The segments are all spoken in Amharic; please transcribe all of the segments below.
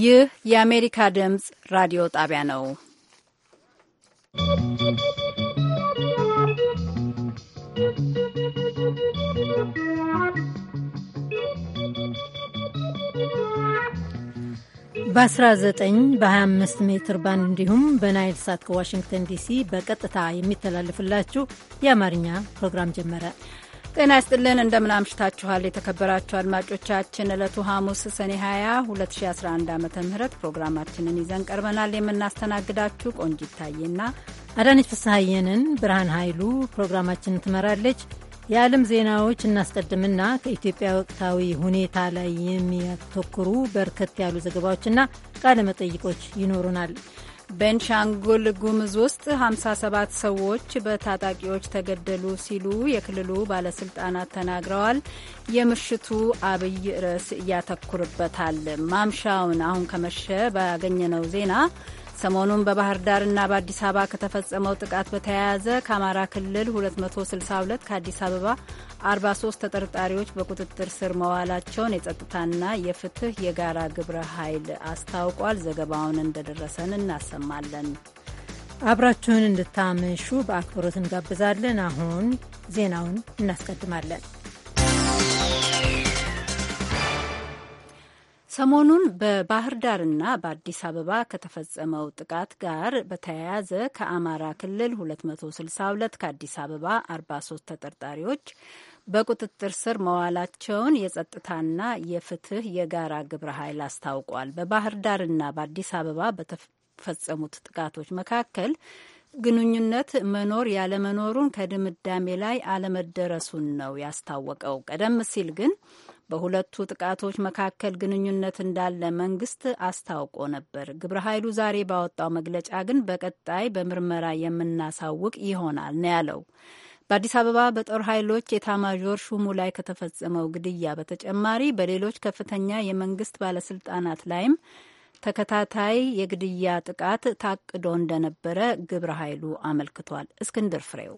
ይህ የአሜሪካ ድምፅ ራዲዮ ጣቢያ ነው። በ19 በ25 ሜትር ባንድ እንዲሁም በናይል ሳት ከዋሽንግተን ዲሲ በቀጥታ የሚተላለፍላችሁ የአማርኛ ፕሮግራም ጀመረ። ጤና ይስጥልን እንደምን አምሽታችኋል የተከበራችሁ አድማጮቻችን ዕለቱ ሐሙስ ሰኔ 20 2011 ዓ ም ፕሮግራማችንን ይዘን ቀርበናል የምናስተናግዳችሁ ቆንጅ ታዬና አዳነች ፍስሐየንን ብርሃን ኃይሉ ፕሮግራማችንን ትመራለች የዓለም ዜናዎች እናስቀድምና ከኢትዮጵያ ወቅታዊ ሁኔታ ላይ የሚያተኩሩ በርከት ያሉ ዘገባዎችና ቃለ መጠይቆች ይኖሩናል ቤንሻንጉል ጉምዝ ውስጥ 57 ሰዎች በታጣቂዎች ተገደሉ ሲሉ የክልሉ ባለስልጣናት ተናግረዋል። የምሽቱ አብይ ርዕስ ያተኩርበታል። ማምሻውን አሁን ከመሸ ባገኘነው ዜና ሰሞኑን በባህር ዳርና በአዲስ አበባ ከተፈጸመው ጥቃት በተያያዘ ከአማራ ክልል 262 ከአዲስ አበባ 43 ተጠርጣሪዎች በቁጥጥር ስር መዋላቸውን የጸጥታና የፍትህ የጋራ ግብረ ኃይል አስታውቋል። ዘገባውን እንደደረሰን እናሰማለን። አብራችሁን እንድታመሹ በአክብሮት እንጋብዛለን። አሁን ዜናውን እናስቀድማለን። ሰሞኑን በባህር ዳርና በአዲስ አበባ ከተፈጸመው ጥቃት ጋር በተያያዘ ከአማራ ክልል 262 ከአዲስ አበባ 43 ተጠርጣሪዎች በቁጥጥር ስር መዋላቸውን የጸጥታና የፍትህ የጋራ ግብረ ኃይል አስታውቋል። በባህር ዳርና በአዲስ አበባ በተፈጸሙት ጥቃቶች መካከል ግንኙነት መኖር ያለመኖሩን ከድምዳሜ ላይ አለመደረሱን ነው ያስታወቀው። ቀደም ሲል ግን በሁለቱ ጥቃቶች መካከል ግንኙነት እንዳለ መንግስት አስታውቆ ነበር። ግብረ ኃይሉ ዛሬ ባወጣው መግለጫ ግን በቀጣይ በምርመራ የምናሳውቅ ይሆናል ነው ያለው። በአዲስ አበባ በጦር ኃይሎች የታማዦር ሹሙ ላይ ከተፈጸመው ግድያ በተጨማሪ በሌሎች ከፍተኛ የመንግስት ባለስልጣናት ላይም ተከታታይ የግድያ ጥቃት ታቅዶ እንደነበረ ግብረ ኃይሉ አመልክቷል። እስክንድር ፍሬው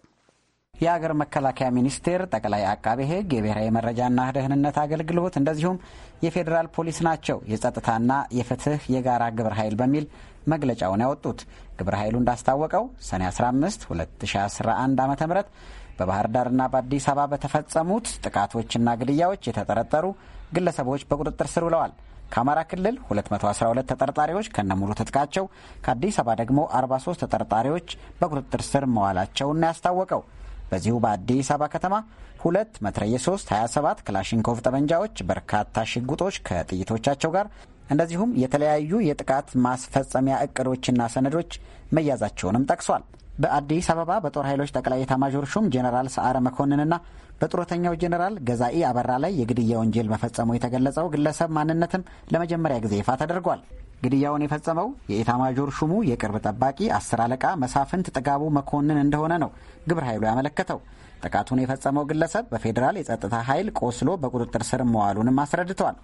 የአገር መከላከያ ሚኒስቴር፣ ጠቅላይ አቃቤ ሕግ፣ የብሔራዊ መረጃና ደህንነት አገልግሎት እንደዚሁም የፌዴራል ፖሊስ ናቸው የጸጥታና የፍትህ የጋራ ግብረ ኃይል በሚል መግለጫውን ያወጡት። ግብረ ኃይሉ እንዳስታወቀው ሰኔ 15 2011 ዓ ም በባህር ዳርና በአዲስ አበባ በተፈጸሙት ጥቃቶችና ግድያዎች የተጠረጠሩ ግለሰቦች በቁጥጥር ስር ውለዋል። ከአማራ ክልል 212 ተጠርጣሪዎች ከነሙሉ ትጥቃቸው፣ ከአዲስ አበባ ደግሞ 43 ተጠርጣሪዎች በቁጥጥር ስር መዋላቸውን ያስታወቀው በዚሁ በአዲስ አበባ ከተማ ሁለት መትረየ 3 27 ክላሽንኮቭ ጠመንጃዎች፣ በርካታ ሽጉጦች ከጥይቶቻቸው ጋር እንደዚሁም የተለያዩ የጥቃት ማስፈጸሚያ እቅዶችና ሰነዶች መያዛቸውንም ጠቅሷል። በአዲስ አበባ በጦር ኃይሎች ጠቅላይ ኤታማዦር ሹም ጄኔራል ሰዓረ መኮንንና በጡረተኛው ጄኔራል ገዛኢ አበራ ላይ የግድያ ወንጀል መፈጸሙ የተገለጸው ግለሰብ ማንነትም ለመጀመሪያ ጊዜ ይፋ ተደርጓል። ግድያውን የፈጸመው የኢታማዦር ሹሙ የቅርብ ጠባቂ አስር አለቃ መሳፍንት ጥጋቡ መኮንን እንደሆነ ነው ግብረ ኃይሉ ያመለከተው። ጥቃቱን የፈጸመው ግለሰብ በፌዴራል የጸጥታ ኃይል ቆስሎ በቁጥጥር ስር መዋሉንም አስረድተዋል።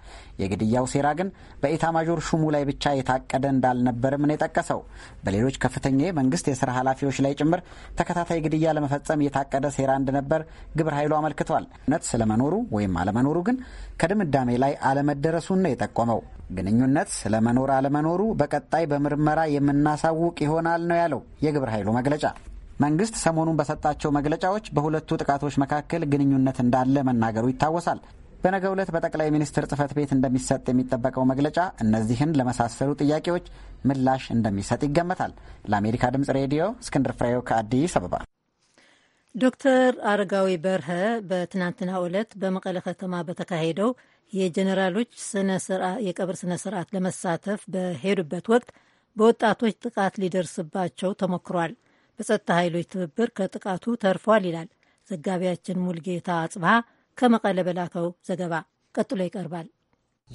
የግድያው ሴራ ግን በኢታማዦር ሹሙ ላይ ብቻ የታቀደ እንዳልነበርም ነው የጠቀሰው። በሌሎች ከፍተኛ የመንግስት የስራ ኃላፊዎች ላይ ጭምር ተከታታይ ግድያ ለመፈጸም የታቀደ ሴራ እንደነበር ግብረ ኃይሉ አመልክቷል። እውነት ስለመኖሩ ወይም አለመኖሩ ግን ከድምዳሜ ላይ አለመደረሱን ነው የጠቆመው። ግንኙነት ስለመኖር አለመኖሩ በቀጣይ በምርመራ የምናሳውቅ ይሆናል ነው ያለው የግብረ ኃይሉ መግለጫ። መንግስት ሰሞኑን በሰጣቸው መግለጫዎች በሁለቱ ጥቃቶች መካከል ግንኙነት እንዳለ መናገሩ ይታወሳል። በነገ ዕለት በጠቅላይ ሚኒስትር ጽህፈት ቤት እንደሚሰጥ የሚጠበቀው መግለጫ እነዚህን ለመሳሰሉ ጥያቄዎች ምላሽ እንደሚሰጥ ይገመታል። ለአሜሪካ ድምጽ ሬዲዮ እስክንድር ፍሬው ከአዲስ አበባ። ዶክተር አረጋዊ በርሀ በትናንትናው ዕለት በመቀለ ከተማ በተካሄደው የጀኔራሎች የቀብር ስነ ስርዓት ለመሳተፍ በሄዱበት ወቅት በወጣቶች ጥቃት ሊደርስባቸው ተሞክሯል። በጸጥታ ኃይሎች ትብብር ከጥቃቱ ተርፏል ይላል ዘጋቢያችን ሙልጌታ አጽብሃ ከመቀለ በላከው ዘገባ ቀጥሎ ይቀርባል።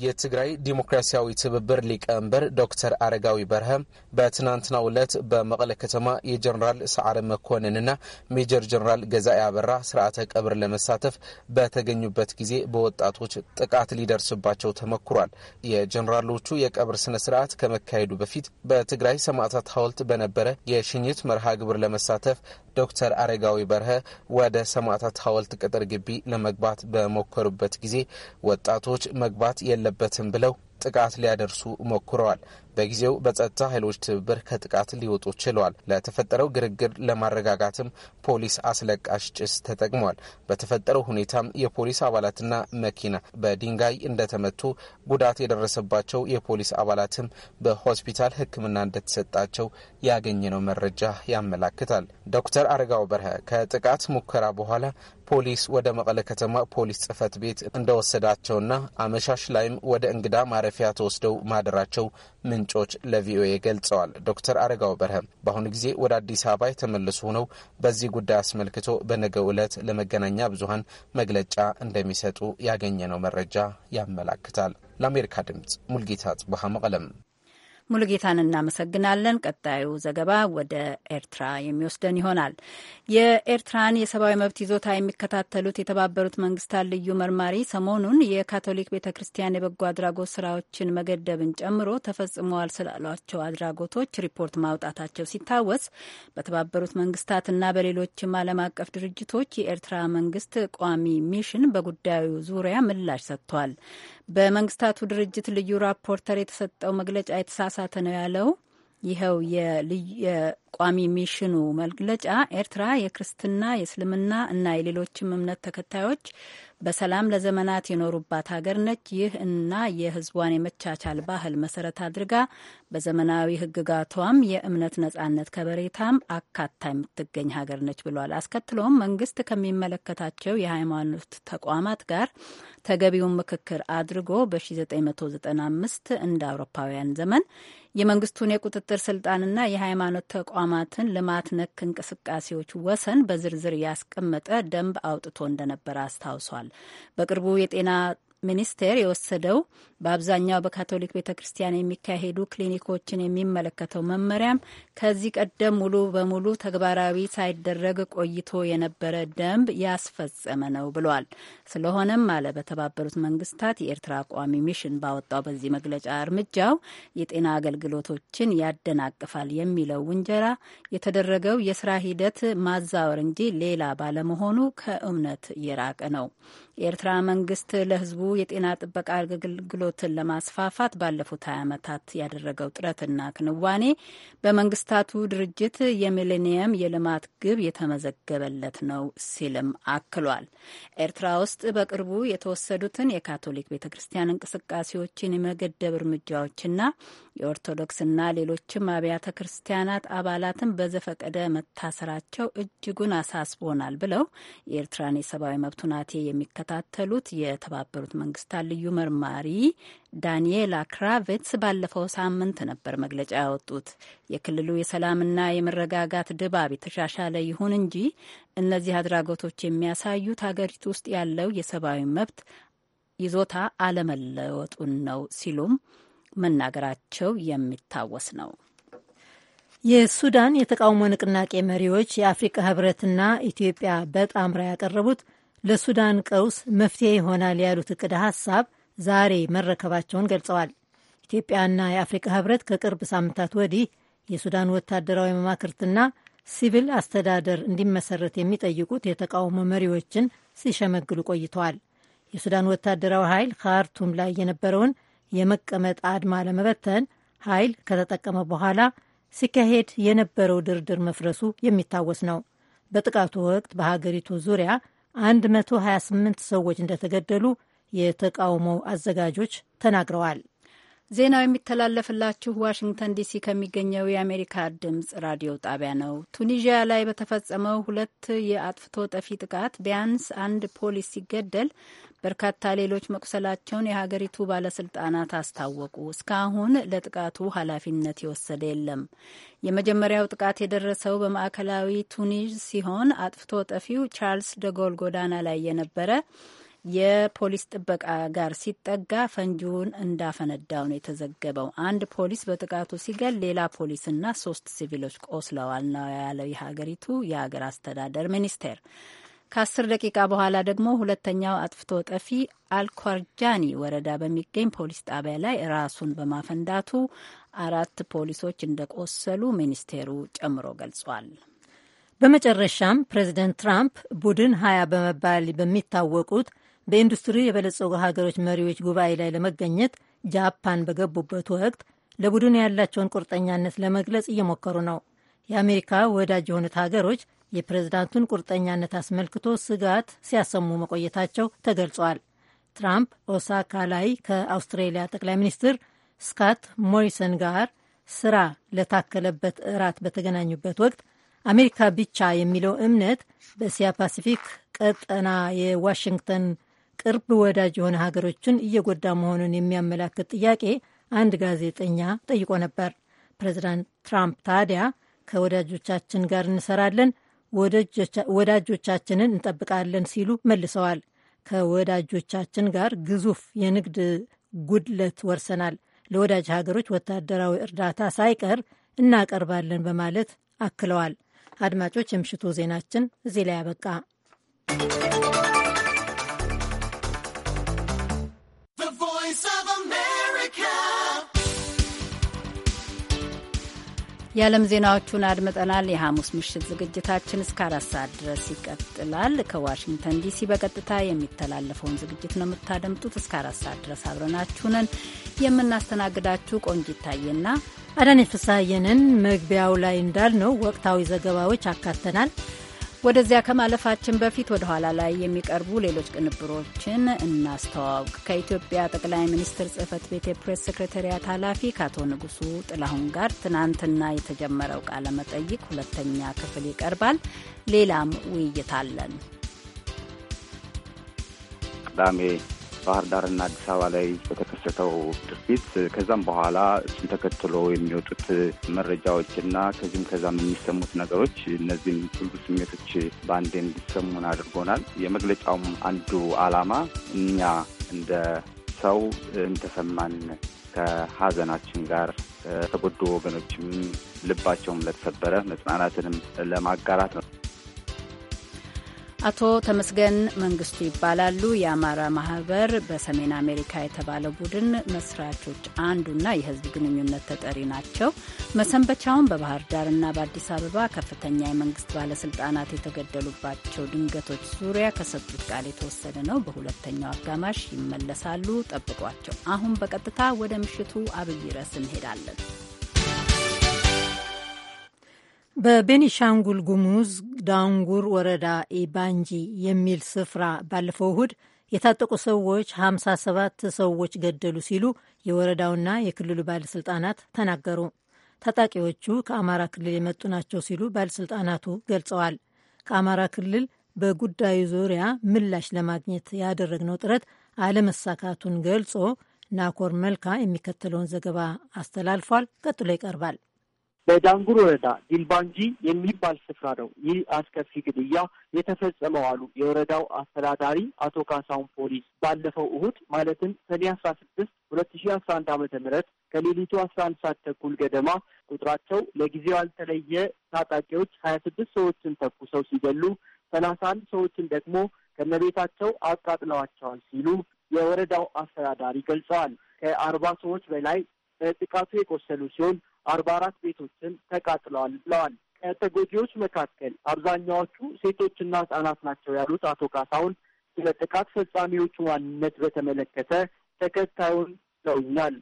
የትግራይ ዲሞክራሲያዊ ትብብር ሊቀመንበር ዶክተር አረጋዊ በርሀ በትናንትናው ዕለት በመቀለ ከተማ የጀኔራል ሰዓረ መኮንንና ሜጀር ጀኔራል ገዛኢ አበራ ስርዓተ ቀብር ለመሳተፍ በተገኙበት ጊዜ በወጣቶች ጥቃት ሊደርስባቸው ተመክሯል። የጀኔራሎቹ የቀብር ስነ ስርዓት ከመካሄዱ በፊት በትግራይ ሰማዕታት ሐውልት በነበረ የሽኝት መርሃ ግብር ለመሳተፍ ዶክተር አረጋዊ በርሀ ወደ ሰማዕታት ሐውልት ቅጥር ግቢ ለመግባት በሞከሩበት ጊዜ ወጣቶች መግባት የለበትም ብለው ጥቃት ሊያደርሱ ሞክረዋል። በጊዜው በጸጥታ ኃይሎች ትብብር ከጥቃት ሊወጡ ችለዋል። ለተፈጠረው ግርግር ለማረጋጋትም ፖሊስ አስለቃሽ ጭስ ተጠቅሟል። በተፈጠረው ሁኔታም የፖሊስ አባላትና መኪና በድንጋይ እንደተመቱ ጉዳት የደረሰባቸው የፖሊስ አባላትም በሆስፒታል ሕክምና እንደተሰጣቸው ያገኘነው መረጃ ያመላክታል። ዶክተር አረጋው በርሀ ከጥቃት ሙከራ በኋላ ፖሊስ ወደ መቀለ ከተማ ፖሊስ ጽህፈት ቤት እንደወሰዳቸውና አመሻሽ ላይም ወደ እንግዳ ማረፊያ ተወስደው ማደራቸው ምን ምንጮች ለቪኦኤ ገልጸዋል። ዶክተር አረጋው በርሀም በአሁኑ ጊዜ ወደ አዲስ አበባ የተመለሱ ሆነው በዚህ ጉዳይ አስመልክቶ በነገ ዕለት ለመገናኛ ብዙሀን መግለጫ እንደሚሰጡ ያገኘነው መረጃ ያመላክታል። ለአሜሪካ ድምጽ ሙልጌታ ጽቡሃ መቀለም ሙሉጌታን እናመሰግናለን። ቀጣዩ ዘገባ ወደ ኤርትራ የሚወስደን ይሆናል። የኤርትራን የሰብአዊ መብት ይዞታ የሚከታተሉት የተባበሩት መንግስታት ልዩ መርማሪ ሰሞኑን የካቶሊክ ቤተ ክርስቲያን የበጎ አድራጎት ስራዎችን መገደብን ጨምሮ ተፈጽመዋል ስላሏቸው አድራጎቶች ሪፖርት ማውጣታቸው ሲታወስ በተባበሩት መንግስታትና በሌሎችም ዓለም አቀፍ ድርጅቶች የኤርትራ መንግስት ቋሚ ሚሽን በጉዳዩ ዙሪያ ምላሽ ሰጥቷል። በመንግስታቱ ድርጅት ልዩ ራፖርተር የተሰጠው መግለጫ የተሳሳተ ነው ያለው ይኸው የቋሚ ሚሽኑ መግለጫ ኤርትራ የክርስትና የእስልምና እና የሌሎችም እምነት ተከታዮች በሰላም ለዘመናት የኖሩባት ሀገር ነች። ይህ እና የሕዝቧን የመቻቻል ባህል መሰረት አድርጋ በዘመናዊ ሕግጋቷም የእምነት ነጻነት ከበሬታም አካታ የምትገኝ ሀገር ነች ብሏል። አስከትሎም መንግስት ከሚመለከታቸው የሃይማኖት ተቋማት ጋር ተገቢውን ምክክር አድርጎ በ1995 እንደ አውሮፓውያን ዘመን የመንግስቱን የቁጥጥር ስልጣንና የሃይማኖት ተቋማትን ልማት ነክ እንቅስቃሴዎች ወሰን በዝርዝር ያስቀመጠ ደንብ አውጥቶ እንደነበረ አስታውሷል። በቅርቡ የጤና ሚኒስቴር የወሰደው በአብዛኛው በካቶሊክ ቤተ ክርስቲያን የሚካሄዱ ክሊኒኮችን የሚመለከተው መመሪያም ከዚህ ቀደም ሙሉ በሙሉ ተግባራዊ ሳይደረግ ቆይቶ የነበረ ደንብ ያስፈጸመ ነው ብሏል። ስለሆነም አለ በተባበሩት መንግስታት የኤርትራ ቋሚ ሚሽን ባወጣው በዚህ መግለጫ እርምጃው የጤና አገልግሎቶችን ያደናቅፋል የሚለው ውንጀራ የተደረገው የስራ ሂደት ማዛወር እንጂ ሌላ ባለመሆኑ ከእምነት የራቀ ነው። የኤርትራ መንግስት ለህዝቡ የጤና ጥበቃ አገልግሎት ክህሎትን ለማስፋፋት ባለፉት 20 ዓመታት ያደረገው ጥረትና ክንዋኔ በመንግስታቱ ድርጅት የሚሌኒየም የልማት ግብ የተመዘገበለት ነው ሲልም አክሏል። ኤርትራ ውስጥ በቅርቡ የተወሰዱትን የካቶሊክ ቤተ ክርስቲያን እንቅስቃሴዎችን የመገደብ እርምጃዎችና የኦርቶዶክስና ሌሎችም አብያተ ክርስቲያናት አባላትን በዘፈቀደ መታሰራቸው እጅጉን አሳስቦናል ብለው የኤርትራን የሰብአዊ መብት ሁናቴ የሚከታተሉት የተባበሩት መንግስታት ልዩ መርማሪ ዳንኤላ ክራቬትስ ባለፈው ሳምንት ነበር መግለጫ ያወጡት። የክልሉ የሰላምና የመረጋጋት ድባብ የተሻሻለ ይሁን እንጂ እነዚህ አድራጎቶች የሚያሳዩት ሀገሪቱ ውስጥ ያለው የሰብአዊ መብት ይዞታ አለመለወጡን ነው ሲሉም መናገራቸው የሚታወስ ነው። የሱዳን የተቃውሞ ንቅናቄ መሪዎች የአፍሪቃ ህብረትና ኢትዮጵያ በጣምራ ያቀረቡት ለሱዳን ቀውስ መፍትሄ ይሆናል ያሉት እቅድ ሀሳብ ዛሬ መረከባቸውን ገልጸዋል። ኢትዮጵያና የአፍሪካ ህብረት ከቅርብ ሳምንታት ወዲህ የሱዳን ወታደራዊ መማክርትና ሲቪል አስተዳደር እንዲመሰረት የሚጠይቁት የተቃውሞ መሪዎችን ሲሸመግሉ ቆይተዋል። የሱዳን ወታደራዊ ኃይል ካርቱም ላይ የነበረውን የመቀመጥ አድማ ለመበተን ኃይል ከተጠቀመ በኋላ ሲካሄድ የነበረው ድርድር መፍረሱ የሚታወስ ነው። በጥቃቱ ወቅት በሀገሪቱ ዙሪያ 128 ሰዎች እንደተገደሉ የተቃውሞው አዘጋጆች ተናግረዋል። ዜናው የሚተላለፍላችሁ ዋሽንግተን ዲሲ ከሚገኘው የአሜሪካ ድምጽ ራዲዮ ጣቢያ ነው። ቱኒዥያ ላይ በተፈጸመው ሁለት የአጥፍቶ ጠፊ ጥቃት ቢያንስ አንድ ፖሊስ ሲገደል በርካታ ሌሎች መቁሰላቸውን የሀገሪቱ ባለስልጣናት አስታወቁ። እስካሁን ለጥቃቱ ኃላፊነት የወሰደ የለም። የመጀመሪያው ጥቃት የደረሰው በማዕከላዊ ቱኒዥ ሲሆን አጥፍቶ ጠፊው ቻርልስ ደጎል ጎዳና ላይ የነበረ የፖሊስ ጥበቃ ጋር ሲጠጋ ፈንጂውን እንዳፈነዳው ነው የተዘገበው። አንድ ፖሊስ በጥቃቱ ሲገል ሌላ ፖሊስና ሶስት ሲቪሎች ቆስለዋል ነው ያለው የሀገሪቱ የሀገር አስተዳደር ሚኒስቴር። ከአስር ደቂቃ በኋላ ደግሞ ሁለተኛው አጥፍቶ ጠፊ አልኳርጃኒ ወረዳ በሚገኝ ፖሊስ ጣቢያ ላይ ራሱን በማፈንዳቱ አራት ፖሊሶች እንደቆሰሉ ሚኒስቴሩ ጨምሮ ገልጿል። በመጨረሻም ፕሬዚደንት ትራምፕ ቡድን ሀያ በመባል በሚታወቁት በኢንዱስትሪ የበለጸጉ ሀገሮች መሪዎች ጉባኤ ላይ ለመገኘት ጃፓን በገቡበት ወቅት ለቡድኑ ያላቸውን ቁርጠኛነት ለመግለጽ እየሞከሩ ነው። የአሜሪካ ወዳጅ የሆኑት ሀገሮች የፕሬዝዳንቱን ቁርጠኛነት አስመልክቶ ስጋት ሲያሰሙ መቆየታቸው ተገልጿል። ትራምፕ ኦሳካ ላይ ከአውስትሬሊያ ጠቅላይ ሚኒስትር ስካት ሞሪሰን ጋር ስራ ለታከለበት እራት በተገናኙበት ወቅት አሜሪካ ብቻ የሚለው እምነት በእስያ ፓሲፊክ ቀጠና የዋሽንግተን ቅርብ ወዳጅ የሆነ ሀገሮችን እየጎዳ መሆኑን የሚያመላክት ጥያቄ አንድ ጋዜጠኛ ጠይቆ ነበር። ፕሬዚዳንት ትራምፕ ታዲያ ከወዳጆቻችን ጋር እንሰራለን፣ ወዳጆቻችንን እንጠብቃለን ሲሉ መልሰዋል። ከወዳጆቻችን ጋር ግዙፍ የንግድ ጉድለት ወርሰናል፣ ለወዳጅ ሀገሮች ወታደራዊ እርዳታ ሳይቀር እናቀርባለን በማለት አክለዋል። አድማጮች፣ የምሽቱ ዜናችን እዚህ ላይ you. የዓለም ዜናዎቹን አድምጠናል። የሐሙስ ምሽት ዝግጅታችን እስከ አራት ሰዓት ድረስ ይቀጥላል። ከዋሽንግተን ዲሲ በቀጥታ የሚተላለፈውን ዝግጅት ነው የምታደምጡት። እስከ አራት ሰዓት ድረስ አብረናችሁንን የምናስተናግዳችሁ ቆንጅ ይታየና አዳኔ ፍስሐየንን። መግቢያው ላይ እንዳልነው ወቅታዊ ዘገባዎች አካተናል። ወደዚያ ከማለፋችን በፊት ወደ ኋላ ላይ የሚቀርቡ ሌሎች ቅንብሮችን እናስተዋውቅ። ከኢትዮጵያ ጠቅላይ ሚኒስትር ጽህፈት ቤት የፕሬስ ሴክሬታሪያት ኃላፊ ከአቶ ንጉሱ ጥላሁን ጋር ትናንትና የተጀመረው ቃለ መጠይቅ ሁለተኛ ክፍል ይቀርባል። ሌላም ውይይት አለን። ቅዳሜ ባህር ዳርና አዲስ አበባ ላይ የተከሰተው ድርጊት ከዛም በኋላ እሱን ተከትሎ የሚወጡት መረጃዎችና ከዚህም ከዛም የሚሰሙት ነገሮች እነዚህም ሁሉ ስሜቶች በአንዴ እንዲሰሙን አድርጎናል። የመግለጫውም አንዱ ዓላማ እኛ እንደ ሰው እንተሰማን ከሀዘናችን ጋር ተጎዱ ወገኖችም ልባቸውም ለተሰበረ መጽናናትንም ለማጋራት ነው። አቶ ተመስገን መንግስቱ ይባላሉ። የአማራ ማህበር በሰሜን አሜሪካ የተባለ ቡድን መስራቾች አንዱና የህዝብ ግንኙነት ተጠሪ ናቸው። መሰንበቻውን በባህር ዳርና በአዲስ አበባ ከፍተኛ የመንግስት ባለስልጣናት የተገደሉባቸው ድንገቶች ዙሪያ ከሰጡት ቃል የተወሰደ ነው። በሁለተኛው አጋማሽ ይመለሳሉ፣ ጠብቋቸው። አሁን በቀጥታ ወደ ምሽቱ አብይ ርዕስ እንሄዳለን። በቤኒሻንጉል ጉሙዝ ዳንጉር ወረዳ ኢባንጂ የሚል ስፍራ ባለፈው እሁድ የታጠቁ ሰዎች 57 ሰዎች ገደሉ ሲሉ የወረዳውና የክልሉ ባለሥልጣናት ተናገሩ። ታጣቂዎቹ ከአማራ ክልል የመጡ ናቸው ሲሉ ባለሥልጣናቱ ገልጸዋል። ከአማራ ክልል በጉዳዩ ዙሪያ ምላሽ ለማግኘት ያደረግነው ጥረት አለመሳካቱን ገልጾ ናኮር መልካ የሚከተለውን ዘገባ አስተላልፏል። ቀጥሎ ይቀርባል። በዳንጉር ወረዳ ዲልባንጂ የሚባል ስፍራ ነው ይህ አስከፊ ግድያ የተፈጸመው አሉ የወረዳው አስተዳዳሪ አቶ ካሳውን ፖሊስ ባለፈው እሁድ ማለትም ሰኔ አስራ ስድስት ሁለት ሺ አስራ አንድ አመተ ምህረት ከሌሊቱ አስራ አንድ ሰዓት ተኩል ገደማ ቁጥራቸው ለጊዜው ያልተለየ ታጣቂዎች ሀያ ስድስት ሰዎችን ተኩሰው ሲገሉ ሰላሳ አንድ ሰዎችን ደግሞ ከነቤታቸው አቃጥለዋቸዋል ሲሉ የወረዳው አስተዳዳሪ ገልጸዋል። ከአርባ ሰዎች በላይ በጥቃቱ የቆሰሉ ሲሆን አርባ አራት ቤቶችን ተቃጥለዋል ብለዋል። ከተጎጂዎች መካከል አብዛኛዎቹ ሴቶችና ህጻናት ናቸው ያሉት አቶ ካሳሁን ስለ ጥቃት ፈጻሚዎቹ ማንነት በተመለከተ ተከታዩን ለውኛል።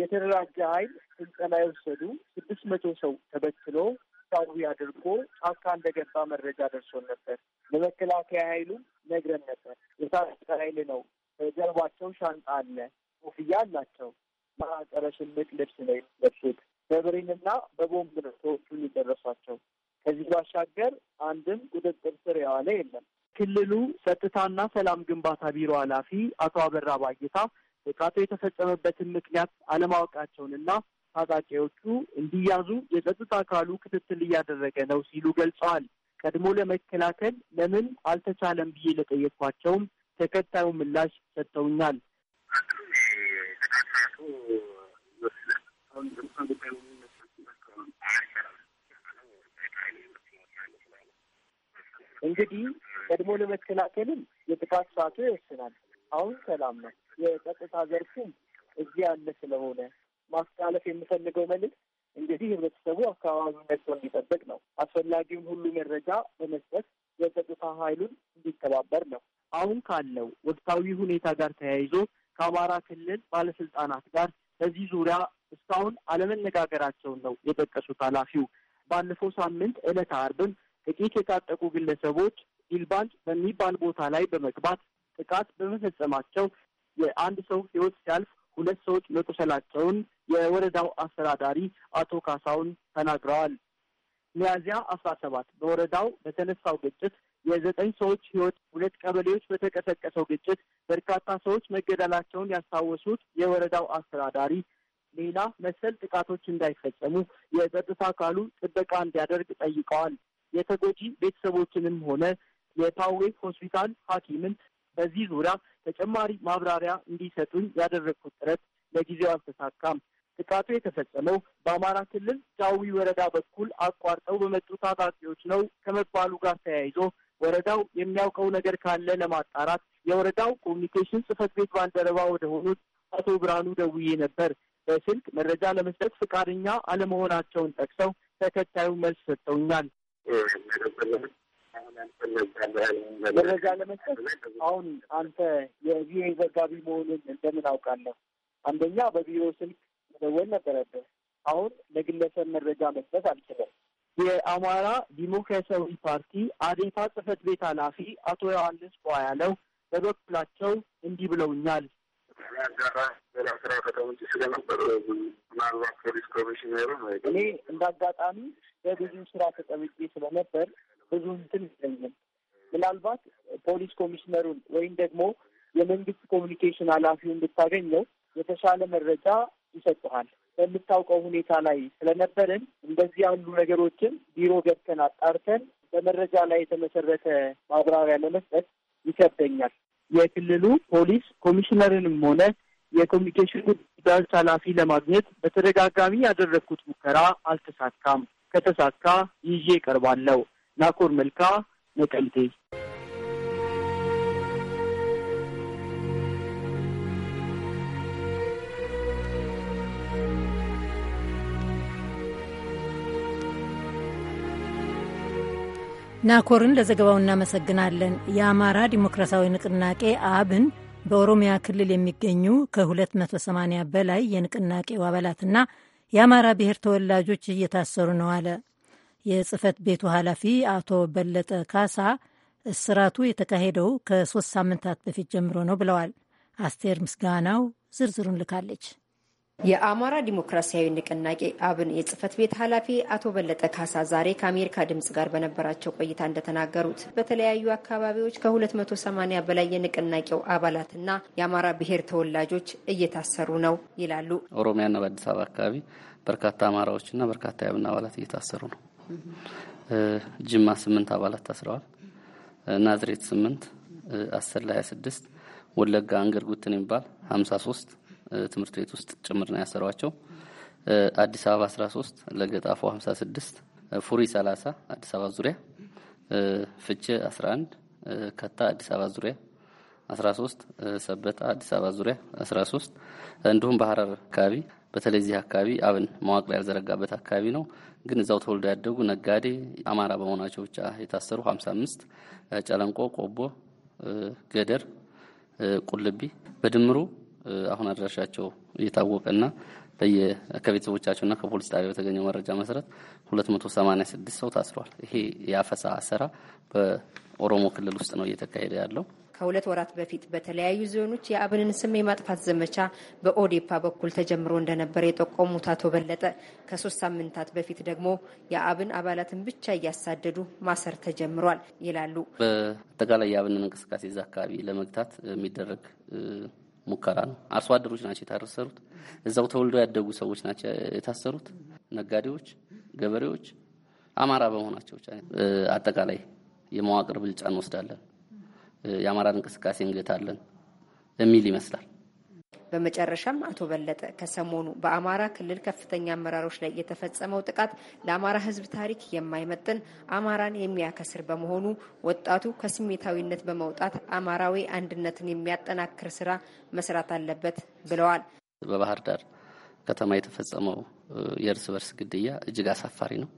የተደራጀ ኃይል ስልጠና የወሰዱ ስድስት መቶ ሰው ተበትሎ ታሳቢ አድርጎ ጫካ እንደገባ መረጃ ደርሶን ነበር። ለመከላከያ ኃይሉም ነግረን ነበር። የታጠቀ ኃይል ነው። በጀርባቸው ሻንጣ አለ፣ ኮፍያ አላቸው፣ ማዕቀረ ሽምቅ ልብስ ነው የሚለብሱት። በብሬንና በቦምብ ነው ሰዎቹን የደረሷቸው። ከዚህ ባሻገር አንድም ቁጥጥር ስር የዋለ የለም። ክልሉ ጸጥታና ሰላም ግንባታ ቢሮ ኃላፊ አቶ አበራ ባጌታ ጥቃቱ የተፈጸመበትን ምክንያት አለማወቃቸውንና ታጣቂዎቹ እንዲያዙ የጸጥታ አካሉ ክትትል እያደረገ ነው ሲሉ ገልጸዋል። ቀድሞ ለመከላከል ለምን አልተቻለም ብዬ ለጠየኳቸውም ተከታዩ ምላሽ ሰጥተውኛል። እንግዲህ ቀድሞ ለመከላከልም የጥቃት ሰዓቱ ይወስናል። አሁን ሰላም ነው። የጸጥታ ዘርፉም እዚህ ያለ ስለሆነ ማስተላለፍ የምፈልገው መልዕክት እንግዲህ ህብረተሰቡ አካባቢውን ነቅቶ እንዲጠብቅ ነው። አስፈላጊውን ሁሉ መረጃ በመስጠት የጸጥታ ኃይሉን እንዲተባበር ነው። አሁን ካለው ወቅታዊ ሁኔታ ጋር ተያይዞ ከአማራ ክልል ባለስልጣናት ጋር በዚህ ዙሪያ እስካሁን አለመነጋገራቸውን ነው የጠቀሱት ኃላፊው። ባለፈው ሳምንት እለት አርብም ጥቂት የታጠቁ ግለሰቦች ዲልባንድ በሚባል ቦታ ላይ በመግባት ጥቃት በመፈጸማቸው የአንድ ሰው ህይወት ሲያልፍ ሁለት ሰዎች መቁሰላቸውን የወረዳው አስተዳዳሪ አቶ ካሳውን ተናግረዋል። ሚያዚያ አስራ ሰባት በወረዳው በተነሳው ግጭት የዘጠኝ ሰዎች ህይወት ሁለት ቀበሌዎች በተቀሰቀሰው ግጭት በርካታ ሰዎች መገደላቸውን ያስታወሱት የወረዳው አስተዳዳሪ ሌላ መሰል ጥቃቶች እንዳይፈጸሙ የጸጥታ አካሉ ጥበቃ እንዲያደርግ ጠይቀዋል። የተጎጂ ቤተሰቦችንም ሆነ የፓዌ ሆስፒታል ሐኪምን በዚህ ዙሪያ ተጨማሪ ማብራሪያ እንዲሰጡኝ ያደረግኩት ጥረት ለጊዜው አልተሳካም። ጥቃቱ የተፈጸመው በአማራ ክልል ጃዊ ወረዳ በኩል አቋርጠው በመጡ ታጣቂዎች ነው ከመባሉ ጋር ተያይዞ ወረዳው የሚያውቀው ነገር ካለ ለማጣራት የወረዳው ኮሚኒኬሽን ጽህፈት ቤት ባልደረባ ወደ ሆኑት አቶ ብርሃኑ ደውዬ ነበር። በስልክ መረጃ ለመስጠት ፈቃደኛ አለመሆናቸውን ጠቅሰው ተከታዩ መልስ ሰጥተውኛል። መረጃ ለመስጠት አሁን አንተ የቪኦኤ ዘጋቢ መሆኑን እንደምን አውቃለሁ? አንደኛ በቢሮ ስልክ መደወል ነበረብህ። አሁን ለግለሰብ መረጃ መስጠት አልችልም። የአማራ ዲሞክራሲያዊ ፓርቲ አዴፓ ጽህፈት ቤት ኃላፊ አቶ ዮሐንስ ቧያለው በበኩላቸው እንዲህ ብለውኛል። እኔ እንደ አጋጣሚ በብዙ ስራ ተጠምቄ ስለነበር ብዙ እንትን ይገኝም ምናልባት ፖሊስ ኮሚሽነሩን ወይም ደግሞ የመንግስት ኮሚኒኬሽን ኃላፊውን ብታገኘው የተሻለ መረጃ ይሰጥሃል። በምታውቀው ሁኔታ ላይ ስለነበርን እንደዚህ ያሉ ነገሮችን ቢሮ ገብተን አጣርተን በመረጃ ላይ የተመሰረተ ማብራሪያ ለመስጠት ይከብደኛል። የክልሉ ፖሊስ ኮሚሽነርንም ሆነ የኮሚኒኬሽን ጉዳዮች ኃላፊ ለማግኘት በተደጋጋሚ ያደረግኩት ሙከራ አልተሳካም። ከተሳካ ይዤ ቀርባለሁ። ናኮር መልካ ነቀምቴ ናኮርን ለዘገባው እናመሰግናለን። የአማራ ዲሞክራሲያዊ ንቅናቄ አብን በኦሮሚያ ክልል የሚገኙ ከ280 በላይ የንቅናቄው አባላትና የአማራ ብሔር ተወላጆች እየታሰሩ ነው አለ። የጽህፈት ቤቱ ኃላፊ አቶ በለጠ ካሳ እስራቱ የተካሄደው ከሶስት ሳምንታት በፊት ጀምሮ ነው ብለዋል። አስቴር ምስጋናው ዝርዝሩን ልካለች። የአማራ ዲሞክራሲያዊ ንቅናቄ አብን የጽህፈት ቤት ኃላፊ አቶ በለጠ ካሳ ዛሬ ከአሜሪካ ድምጽ ጋር በነበራቸው ቆይታ እንደተናገሩት በተለያዩ አካባቢዎች ከ280 በላይ የንቅናቄው አባላትና የአማራ ብሔር ተወላጆች እየታሰሩ ነው ይላሉ። ኦሮሚያና በአዲስ አበባ አካባቢ በርካታ አማራዎችና በርካታ የአብን አባላት እየታሰሩ ነው። ጅማ ስምንት አባላት ታስረዋል። ናዝሬት ስምንት፣ አሰላ 26፣ ወለጋ አንገር ጉትን የሚባል 53 ትምህርት ቤት ውስጥ ጭምር ነው ያሰሯቸው። አዲስ አበባ 13 ለገጣፎ 56 ፉሪ 30 አዲስ አበባ ዙሪያ ፍቼ 11 ከታ አዲስ አበባ ዙሪያ 13 ሰበታ አዲስ አበባ ዙሪያ 13 እንዲሁም በሀረር አካባቢ በተለይ እዚህ አካባቢ አብን መዋቅር ያልዘረጋበት አካባቢ ነው። ግን እዛው ተወልዶ ያደጉ ነጋዴ አማራ በመሆናቸው ብቻ የታሰሩ 55 ጨለንቆ፣ ቆቦ፣ ገደር፣ ቁልቢ በድምሩ አሁን አድራሻቸው እየታወቀና ከቤተሰቦቻቸውና ከፖሊስ ጣቢያ በተገኘው መረጃ መሰረት 286 ሰው ታስሯል። ይሄ የአፈሳ አሰራ በኦሮሞ ክልል ውስጥ ነው እየተካሄደ ያለው። ከሁለት ወራት በፊት በተለያዩ ዞኖች የአብንን ስም የማጥፋት ዘመቻ በኦዴፓ በኩል ተጀምሮ እንደነበር የጠቆሙት አቶ በለጠ ከሶስት ሳምንታት በፊት ደግሞ የአብን አባላትን ብቻ እያሳደዱ ማሰር ተጀምሯል ይላሉ። በአጠቃላይ የአብንን እንቅስቃሴ እዛ አካባቢ ለመግታት የሚደረግ ሙከራ ነው። አርሶ አደሮች ናቸው የታሰሩት። እዛው ተወልደው ያደጉ ሰዎች ናቸው የታሰሩት። ነጋዴዎች፣ ገበሬዎች አማራ በመሆናቸው ብቻ አጠቃላይ የመዋቅር ብልጫ እንወስዳለን፣ የአማራን እንቅስቃሴ እንገታለን የሚል ይመስላል። በመጨረሻም አቶ በለጠ ከሰሞኑ በአማራ ክልል ከፍተኛ አመራሮች ላይ የተፈጸመው ጥቃት ለአማራ ሕዝብ ታሪክ የማይመጥን አማራን የሚያከስር በመሆኑ ወጣቱ ከስሜታዊነት በመውጣት አማራዊ አንድነትን የሚያጠናክር ስራ መስራት አለበት ብለዋል። በባህር ዳር ከተማ የተፈጸመው የእርስ በርስ ግድያ እጅግ አሳፋሪ ነው።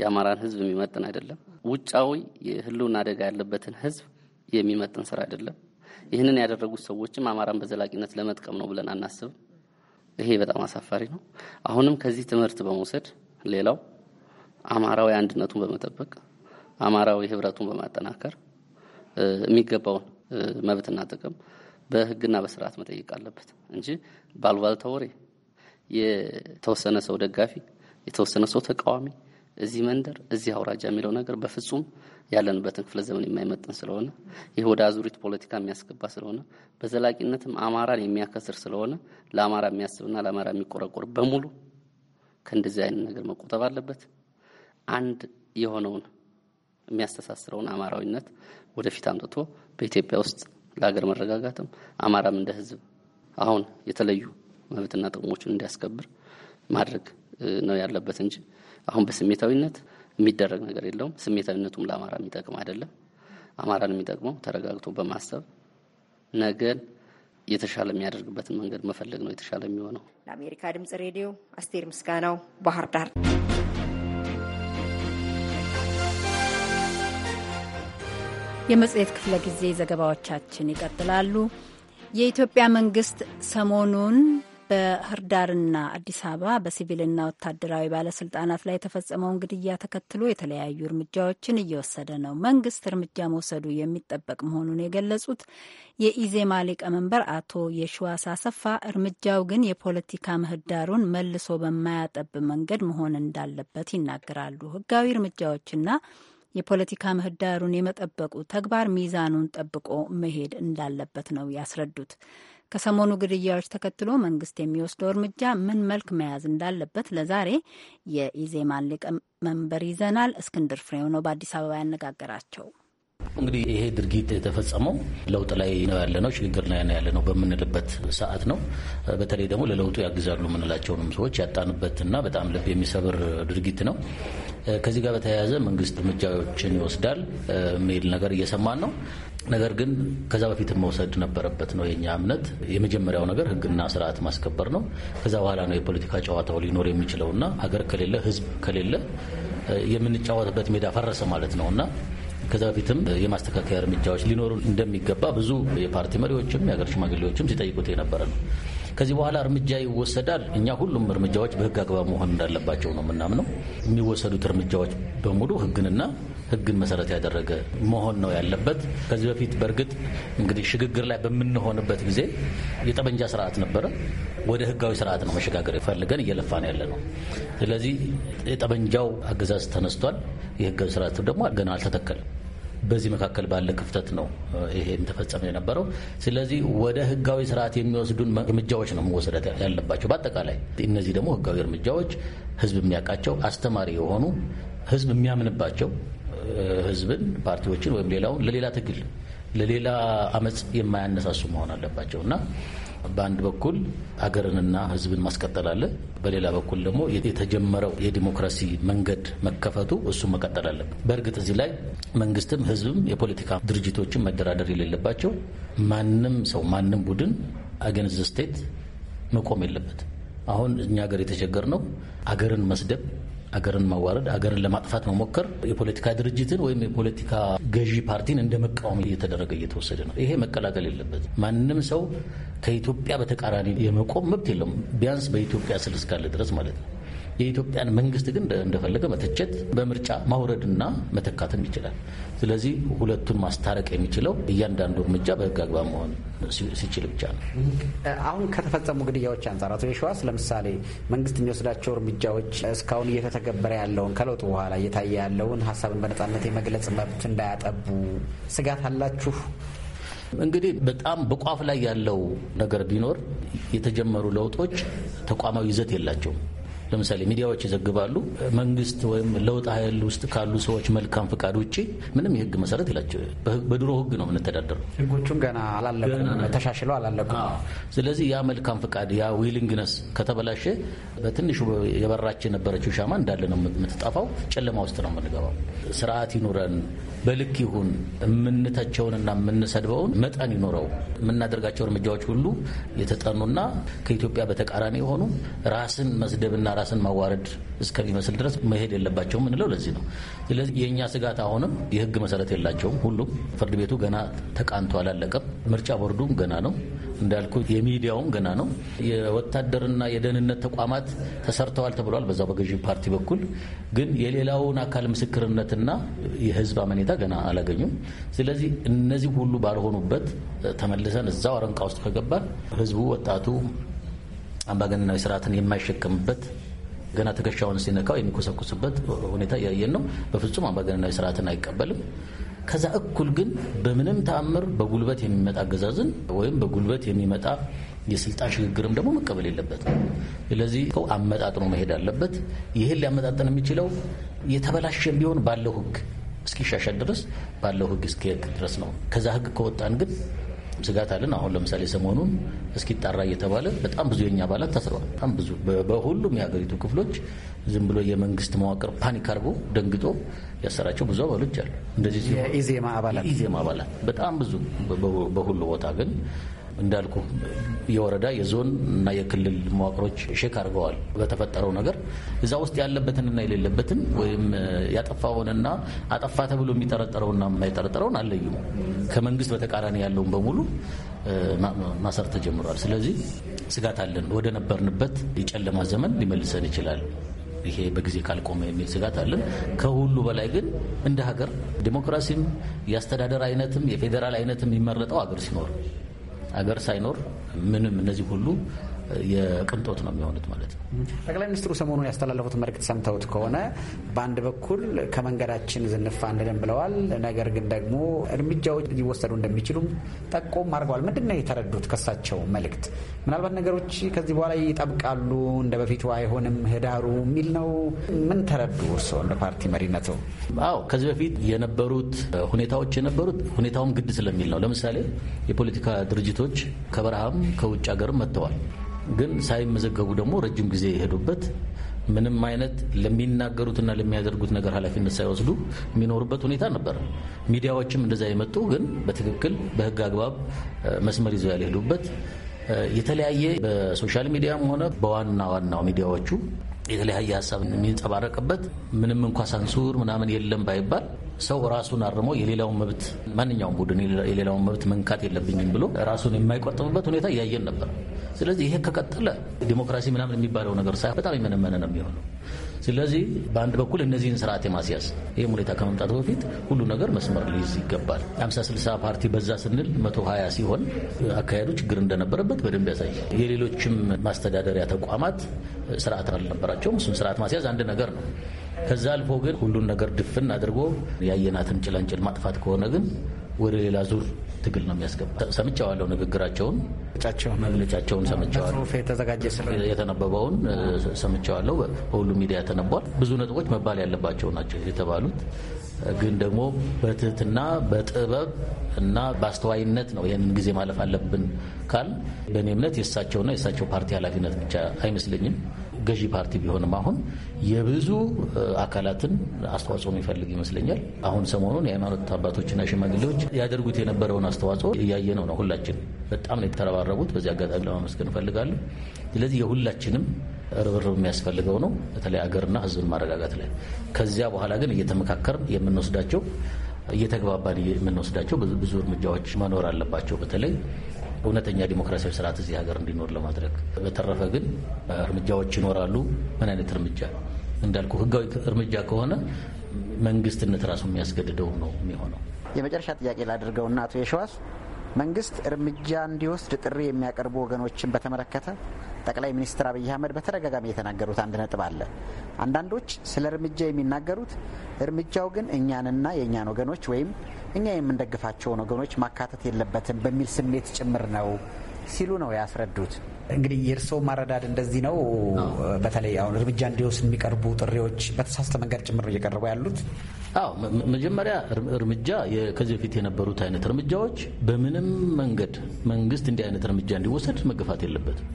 የአማራን ሕዝብ የሚመጥን አይደለም። ውጫዊ የህልውና አደጋ ያለበትን ሕዝብ የሚመጥን ስራ አይደለም። ይህንን ያደረጉት ሰዎችም አማራን በዘላቂነት ለመጥቀም ነው ብለን አናስብም። ይሄ በጣም አሳፋሪ ነው። አሁንም ከዚህ ትምህርት በመውሰድ ሌላው አማራዊ አንድነቱን በመጠበቅ አማራዊ ህብረቱን በማጠናከር የሚገባውን መብትና ጥቅም በህግና በስርዓት መጠየቅ አለበት እንጂ ባልባልታ ወሬ የተወሰነ ሰው ደጋፊ፣ የተወሰነ ሰው ተቃዋሚ፣ እዚህ መንደር፣ እዚህ አውራጃ የሚለው ነገር በፍጹም ያለንበትን ክፍለ ዘመን የማይመጥን ስለሆነ ይህ ወደ አዙሪት ፖለቲካ የሚያስገባ ስለሆነ በዘላቂነትም አማራን የሚያከስር ስለሆነ ለአማራ የሚያስብና ለአማራ የሚቆረቆር በሙሉ ከእንደዚህ አይነት ነገር መቆጠብ አለበት። አንድ የሆነውን የሚያስተሳስረውን አማራዊነት ወደፊት አምጥቶ በኢትዮጵያ ውስጥ ለሀገር መረጋጋትም አማራም እንደ ሕዝብ አሁን የተለዩ መብትና ጥቅሞችን እንዲያስከብር ማድረግ ነው ያለበት እንጂ አሁን በስሜታዊነት የሚደረግ ነገር የለውም። ስሜታዊነቱም ለአማራ የሚጠቅም አይደለም። አማራን የሚጠቅመው ተረጋግቶ በማሰብ ነገን የተሻለ የሚያደርግበትን መንገድ መፈለግ ነው የተሻለ የሚሆነው። ለአሜሪካ ድምጽ ሬዲዮ አስቴር ምስጋናው ባህር ዳር። የመጽሔት ክፍለ ጊዜ ዘገባዎቻችን ይቀጥላሉ። የኢትዮጵያ መንግስት ሰሞኑን በህርዳርና አዲስ አበባ በሲቪልና ወታደራዊ ባለስልጣናት ላይ የተፈጸመውን ግድያ ተከትሎ የተለያዩ እርምጃዎችን እየወሰደ ነው። መንግስት እርምጃ መውሰዱ የሚጠበቅ መሆኑን የገለጹት የኢዜማ ሊቀመንበር አቶ የሽዋስ አሰፋ እርምጃው ግን የፖለቲካ ምህዳሩን መልሶ በማያጠብ መንገድ መሆን እንዳለበት ይናገራሉ። ህጋዊ እርምጃዎችና የፖለቲካ ምህዳሩን የመጠበቁ ተግባር ሚዛኑን ጠብቆ መሄድ እንዳለበት ነው ያስረዱት። ከሰሞኑ ግድያዎች ተከትሎ መንግስት የሚወስደው እርምጃ ምን መልክ መያዝ እንዳለበት ለዛሬ የኢዜማን ሊቀመንበር ይዘናል። እስክንድር ፍሬው ነው በአዲስ አበባ ያነጋገራቸው። እንግዲህ ይሄ ድርጊት የተፈጸመው ለውጥ ላይ ነው ያለነው፣ ሽግግር ላይ ነው ያለነው በምንልበት ሰዓት ነው። በተለይ ደግሞ ለለውጡ ያግዛሉ የምንላቸውንም ሰዎች ያጣንበት እና በጣም ልብ የሚሰብር ድርጊት ነው። ከዚህ ጋር በተያያዘ መንግስት እርምጃዎችን ይወስዳል የሚል ነገር እየሰማን ነው። ነገር ግን ከዛ በፊት መውሰድ ነበረበት ነው የኛ እምነት። የመጀመሪያው ነገር ህግና ስርዓት ማስከበር ነው። ከዛ በኋላ ነው የፖለቲካ ጨዋታው ሊኖር የሚችለው ና ሀገር ከሌለ ህዝብ ከሌለ የምንጫወትበት ሜዳ ፈረሰ ማለት ነው እና ከዛ በፊትም የማስተካከያ እርምጃዎች ሊኖሩ እንደሚገባ ብዙ የፓርቲ መሪዎችም የሀገር ሽማግሌዎችም ሲጠይቁት የነበረ ነው። ከዚህ በኋላ እርምጃ ይወሰዳል። እኛ ሁሉም እርምጃዎች በህግ አግባብ መሆን እንዳለባቸው ነው የምናምነው። የሚወሰዱት እርምጃዎች በሙሉ ህግንና ህግን መሰረት ያደረገ መሆን ነው ያለበት። ከዚህ በፊት በእርግጥ እንግዲህ ሽግግር ላይ በምንሆንበት ጊዜ የጠመንጃ ስርዓት ነበረ። ወደ ህጋዊ ስርዓት ነው መሸጋገር ፈልገን እየለፋን ያለ ነው። ስለዚህ የጠመንጃው አገዛዝ ተነስቷል። የህጋዊ ስርዓት ደግሞ ገና አልተተከለም። በዚህ መካከል ባለ ክፍተት ነው ይሄን ተፈጸመ የነበረው። ስለዚህ ወደ ህጋዊ ስርዓት የሚወስዱን እርምጃዎች ነው መወሰደት ያለባቸው። በአጠቃላይ እነዚህ ደግሞ ህጋዊ እርምጃዎች ህዝብ የሚያውቃቸው አስተማሪ የሆኑ ህዝብ የሚያምንባቸው ህዝብን፣ ፓርቲዎችን ወይም ሌላውን ለሌላ ትግል ለሌላ አመፅ የማያነሳሱ መሆን አለባቸው እና በአንድ በኩል ሀገርንና ህዝብን ማስቀጠል አለ። በሌላ በኩል ደግሞ የተጀመረው የዲሞክራሲ መንገድ መከፈቱ እሱ መቀጠል አለ። በእርግጥ እዚህ ላይ መንግስትም ህዝብም የፖለቲካ ድርጅቶችን መደራደር የሌለባቸው ማንም ሰው ማንም ቡድን አገንዝ ስቴት መቆም የለበት። አሁን እኛ ሀገር የተቸገር ነው አገርን መስደብ አገርን ማዋረድ፣ አገርን ለማጥፋት መሞከር የፖለቲካ ድርጅትን ወይም የፖለቲካ ገዢ ፓርቲን እንደ መቃወም እየተደረገ እየተወሰደ ነው። ይሄ መቀላቀል የለበት። ማንም ሰው ከኢትዮጵያ በተቃራኒ የመቆም መብት የለውም። ቢያንስ በኢትዮጵያ ስል እስካለ ድረስ ማለት ነው። የኢትዮጵያን መንግስት ግን እንደፈለገ መተቸት፣ በምርጫ ማውረድና መተካትም ይችላል። ስለዚህ ሁለቱን ማስታረቅ የሚችለው እያንዳንዱ እርምጃ በህግ አግባብ መሆን ሲችል ብቻ ነው። አሁን ከተፈጸሙ ግድያዎች አንጻር አቶ የሸዋስ ለምሳሌ መንግስት የሚወስዳቸው እርምጃዎች እስካሁን እየተተገበረ ያለውን ከለውጡ በኋላ እየታየ ያለውን ሀሳብን በነጻነት የመግለጽ መብት እንዳያጠቡ ስጋት አላችሁ? እንግዲህ በጣም በቋፍ ላይ ያለው ነገር ቢኖር የተጀመሩ ለውጦች ተቋማዊ ይዘት የላቸውም። ለምሳሌ ሚዲያዎች ይዘግባሉ። መንግስት ወይም ለውጥ ኃይል ውስጥ ካሉ ሰዎች መልካም ፍቃድ ውጭ ምንም የህግ መሰረት የላቸው። በድሮ ህግ ነው የምንተዳደረው። ህጎቹን ገና አላለቁም፣ ተሻሽለው አላለቁም። ስለዚህ ያ መልካም ፍቃድ ያ ዊሊንግነስ ከተበላሸ በትንሹ የበራች የነበረችው ሻማ እንዳለ ነው የምትጠፋው። ጨለማ ውስጥ ነው የምንገባው። ስርዓት ይኑረን። በልክ ይሁን። የምንተቸውንና የምንሰድበውን መጠን ይኖረው። የምናደርጋቸው እርምጃዎች ሁሉ የተጠኑና ከኢትዮጵያ በተቃራኒ የሆኑ ራስን መስደብና ራስን ማዋረድ እስከሚመስል ድረስ መሄድ የለባቸውም እንለው ለዚህ ነው። ስለዚህ የእኛ ስጋት አሁንም የህግ መሰረት የላቸውም። ሁሉም ፍርድ ቤቱ ገና ተቃንቶ አላለቀም። ምርጫ ቦርዱም ገና ነው። እንዳልኩት የሚዲያውም ገና ነው። የወታደርና የደህንነት ተቋማት ተሰርተዋል ተብሏል በዛ በገዢ ፓርቲ በኩል ግን የሌላውን አካል ምስክርነትና የህዝብ አመኔታ ገና አላገኙም። ስለዚህ እነዚህ ሁሉ ባልሆኑበት ተመልሰን እዛው አረንቃ ውስጥ ከገባን ህዝቡ፣ ወጣቱ አምባገነናዊ ስርዓትን የማይሸከምበት ገና ትከሻውን ሲነካው የሚኮሰኩስበት ሁኔታ እያየን ነው። በፍጹም አምባገነናዊ ስርዓትን አይቀበልም። ከዛ እኩል ግን በምንም ተአምር በጉልበት የሚመጣ አገዛዝን ወይም በጉልበት የሚመጣ የስልጣን ሽግግርም ደግሞ መቀበል የለበትም። ስለዚህ አመጣጥኖ መሄድ አለበት። ይህን ሊያመጣጠን የሚችለው የተበላሸን ቢሆን ባለው ህግ እስኪሻሻል ድረስ ባለው ህግ እስኪሄድ ድረስ ነው። ከዛ ህግ ከወጣን ግን ስጋት አለን። አሁን ለምሳሌ ሰሞኑን እስኪጣራ እየተባለ በጣም ብዙ የኛ አባላት ታስረዋል። በጣም ብዙ በሁሉም የሀገሪቱ ክፍሎች ዝም ብሎ የመንግስት መዋቅር ፓኒክ አድርጎ ደንግጦ ያሰራቸው ብዙ አባሎች አሉ። እንደዚህ ኢዜማ አባላት በጣም ብዙ በሁሉ ቦታ ግን እንዳልኩ የወረዳ የዞን እና የክልል መዋቅሮች ሼክ አድርገዋል። በተፈጠረው ነገር እዛ ውስጥ ያለበትንና የሌለበትን ወይም ያጠፋውንና አጠፋ ተብሎ የሚጠረጠረውና የማይጠረጠረውን አለዩም። ከመንግስት በተቃራኒ ያለውን በሙሉ ማሰር ተጀምሯል። ስለዚህ ስጋት አለን። ወደ ነበርንበት የጨለማ ዘመን ሊመልሰን ይችላል። ይሄ በጊዜ ካልቆመ የሚል ስጋት አለን። ከሁሉ በላይ ግን እንደ ሀገር ዲሞክራሲም የአስተዳደር አይነትም የፌዴራል አይነትም የሚመረጠው ሀገር ሲኖር አገር ሳይኖር ምንም እነዚህ ሁሉ የቅንጦት ነው የሚሆኑት ማለት ነው። ጠቅላይ ሚኒስትሩ ሰሞኑን ያስተላለፉት መልእክት ሰምተውት ከሆነ በአንድ በኩል ከመንገዳችን ዝንፋ አንልም ብለዋል። ነገር ግን ደግሞ እርምጃዎች ሊወሰዱ እንደሚችሉም ጠቆም አድርገዋል። ምንድን ነው የተረዱት ከሳቸው መልእክት? ምናልባት ነገሮች ከዚህ በኋላ ይጠብቃሉ፣ እንደ በፊቱ አይሆንም፣ ህዳሩ የሚል ነው። ምን ተረዱ እርስዎ እንደ ፓርቲ መሪነቱ? አዎ ከዚህ በፊት የነበሩት ሁኔታዎች የነበሩት ሁኔታውም ግድ ስለሚል ነው። ለምሳሌ የፖለቲካ ድርጅቶች ከበረሃም ከውጭ ሀገርም መጥተዋል። ግን ሳይመዘገቡ ደግሞ ረጅም ጊዜ የሄዱበት ምንም አይነት ለሚናገሩትና ለሚያደርጉት ነገር ኃላፊነት ሳይወስዱ የሚኖሩበት ሁኔታ ነበር። ሚዲያዎችም እንደዛ የመጡ ግን በትክክል በህግ አግባብ መስመር ይዘው ያልሄዱበት የተለያየ በሶሻል ሚዲያም ሆነ በዋና ዋናው ሚዲያዎቹ የተለያየ ሀሳብ የሚንጸባረቅበት ምንም እንኳ ሳንሱር ምናምን የለም ባይባል ሰው ራሱን አርሞ የሌላውን መብት ማንኛውም ቡድን የሌላውን መብት መንካት የለብኝም ብሎ ራሱን የማይቆጥብበት ሁኔታ እያየን ነበር። ስለዚህ ይሄ ከቀጠለ ዲሞክራሲ ምናምን የሚባለው ነገር ሳይሆን በጣም የመነመነ ነው የሚሆነው። ስለዚህ በአንድ በኩል እነዚህን ስርዓት የማስያዝ ይህም ሁኔታ ከመምጣቱ በፊት ሁሉ ነገር መስመር ሊይዝ ይገባል። 50 60 ፓርቲ በዛ ስንል መቶ 120 ሲሆን አካሄዱ ችግር እንደነበረበት በደንብ ያሳይ። የሌሎችም ማስተዳደሪያ ተቋማት ስርዓት አልነበራቸውም። እሱም ስርዓት ማስያዝ አንድ ነገር ነው። ከዛ አልፎ ግን ሁሉን ነገር ድፍን አድርጎ ያየናትን ጭላንጭል ማጥፋት ከሆነ ግን ወደ ሌላ ዙር ትግል ነው የሚያስገባ። ሰምቸዋለሁ፣ ንግግራቸውን መግለጫቸውን ሰምቸዋለሁ፣ የተነበበውን ሰምቸዋለሁ። በሁሉ ሚዲያ ተነቧል። ብዙ ነጥቦች መባል ያለባቸው ናቸው የተባሉት ግን ደግሞ በትህትና በጥበብ እና በአስተዋይነት ነው ይህንን ጊዜ ማለፍ አለብን ካል በእኔ እምነት የእሳቸውና የእሳቸው ፓርቲ ኃላፊነት ብቻ አይመስለኝም። ገዢ ፓርቲ ቢሆንም አሁን የብዙ አካላትን አስተዋጽኦ የሚፈልግ ይመስለኛል። አሁን ሰሞኑን የሃይማኖት አባቶችና ሽማግሌዎች ያደርጉት የነበረውን አስተዋጽኦ እያየ ነው። ሁላችን በጣም ነው የተረባረቡት። በዚህ አጋጣሚ ለማመስገን እፈልጋለሁ። ስለዚህ የሁላችንም ርብርብ የሚያስፈልገው ነው፣ በተለይ አገርና ህዝብን ማረጋጋት ላይ። ከዚያ በኋላ ግን እየተመካከርን የምንወስዳቸው እየተግባባን የምንወስዳቸው ብዙ እርምጃዎች መኖር አለባቸው በተለይ እውነተኛ ዲሞክራሲያዊ ስርዓት እዚህ ሀገር እንዲኖር ለማድረግ። በተረፈ ግን እርምጃዎች ይኖራሉ። ምን አይነት እርምጃ እንዳልኩ ህጋዊ እርምጃ ከሆነ መንግስትነት ራሱ የሚያስገድደው ነው የሚሆነው። የመጨረሻ ጥያቄ ላድርገውና አቶ የሸዋስ መንግስት እርምጃ እንዲወስድ ጥሪ የሚያቀርቡ ወገኖችን በተመለከተ ጠቅላይ ሚኒስትር አብይ አህመድ በተደጋጋሚ የተናገሩት አንድ ነጥብ አለ። አንዳንዶች ስለ እርምጃ የሚናገሩት እርምጃው ግን እኛንና የእኛን ወገኖች ወይም እኛ የምንደግፋቸውን ወገኖች ማካተት የለበትም በሚል ስሜት ጭምር ነው ሲሉ ነው ያስረዱት። እንግዲህ የእርስዎ ማረዳድ እንደዚህ ነው። በተለይ አሁን እርምጃ እንዲወስድ የሚቀርቡ ጥሪዎች በተሳሳተ መንገድ ጭምር እየቀረቡ ያሉት። አዎ መጀመሪያ እርምጃ ከዚህ በፊት የነበሩት አይነት እርምጃዎች በምንም መንገድ መንግስት እንዲህ አይነት እርምጃ እንዲወሰድ መገፋት የለበትም።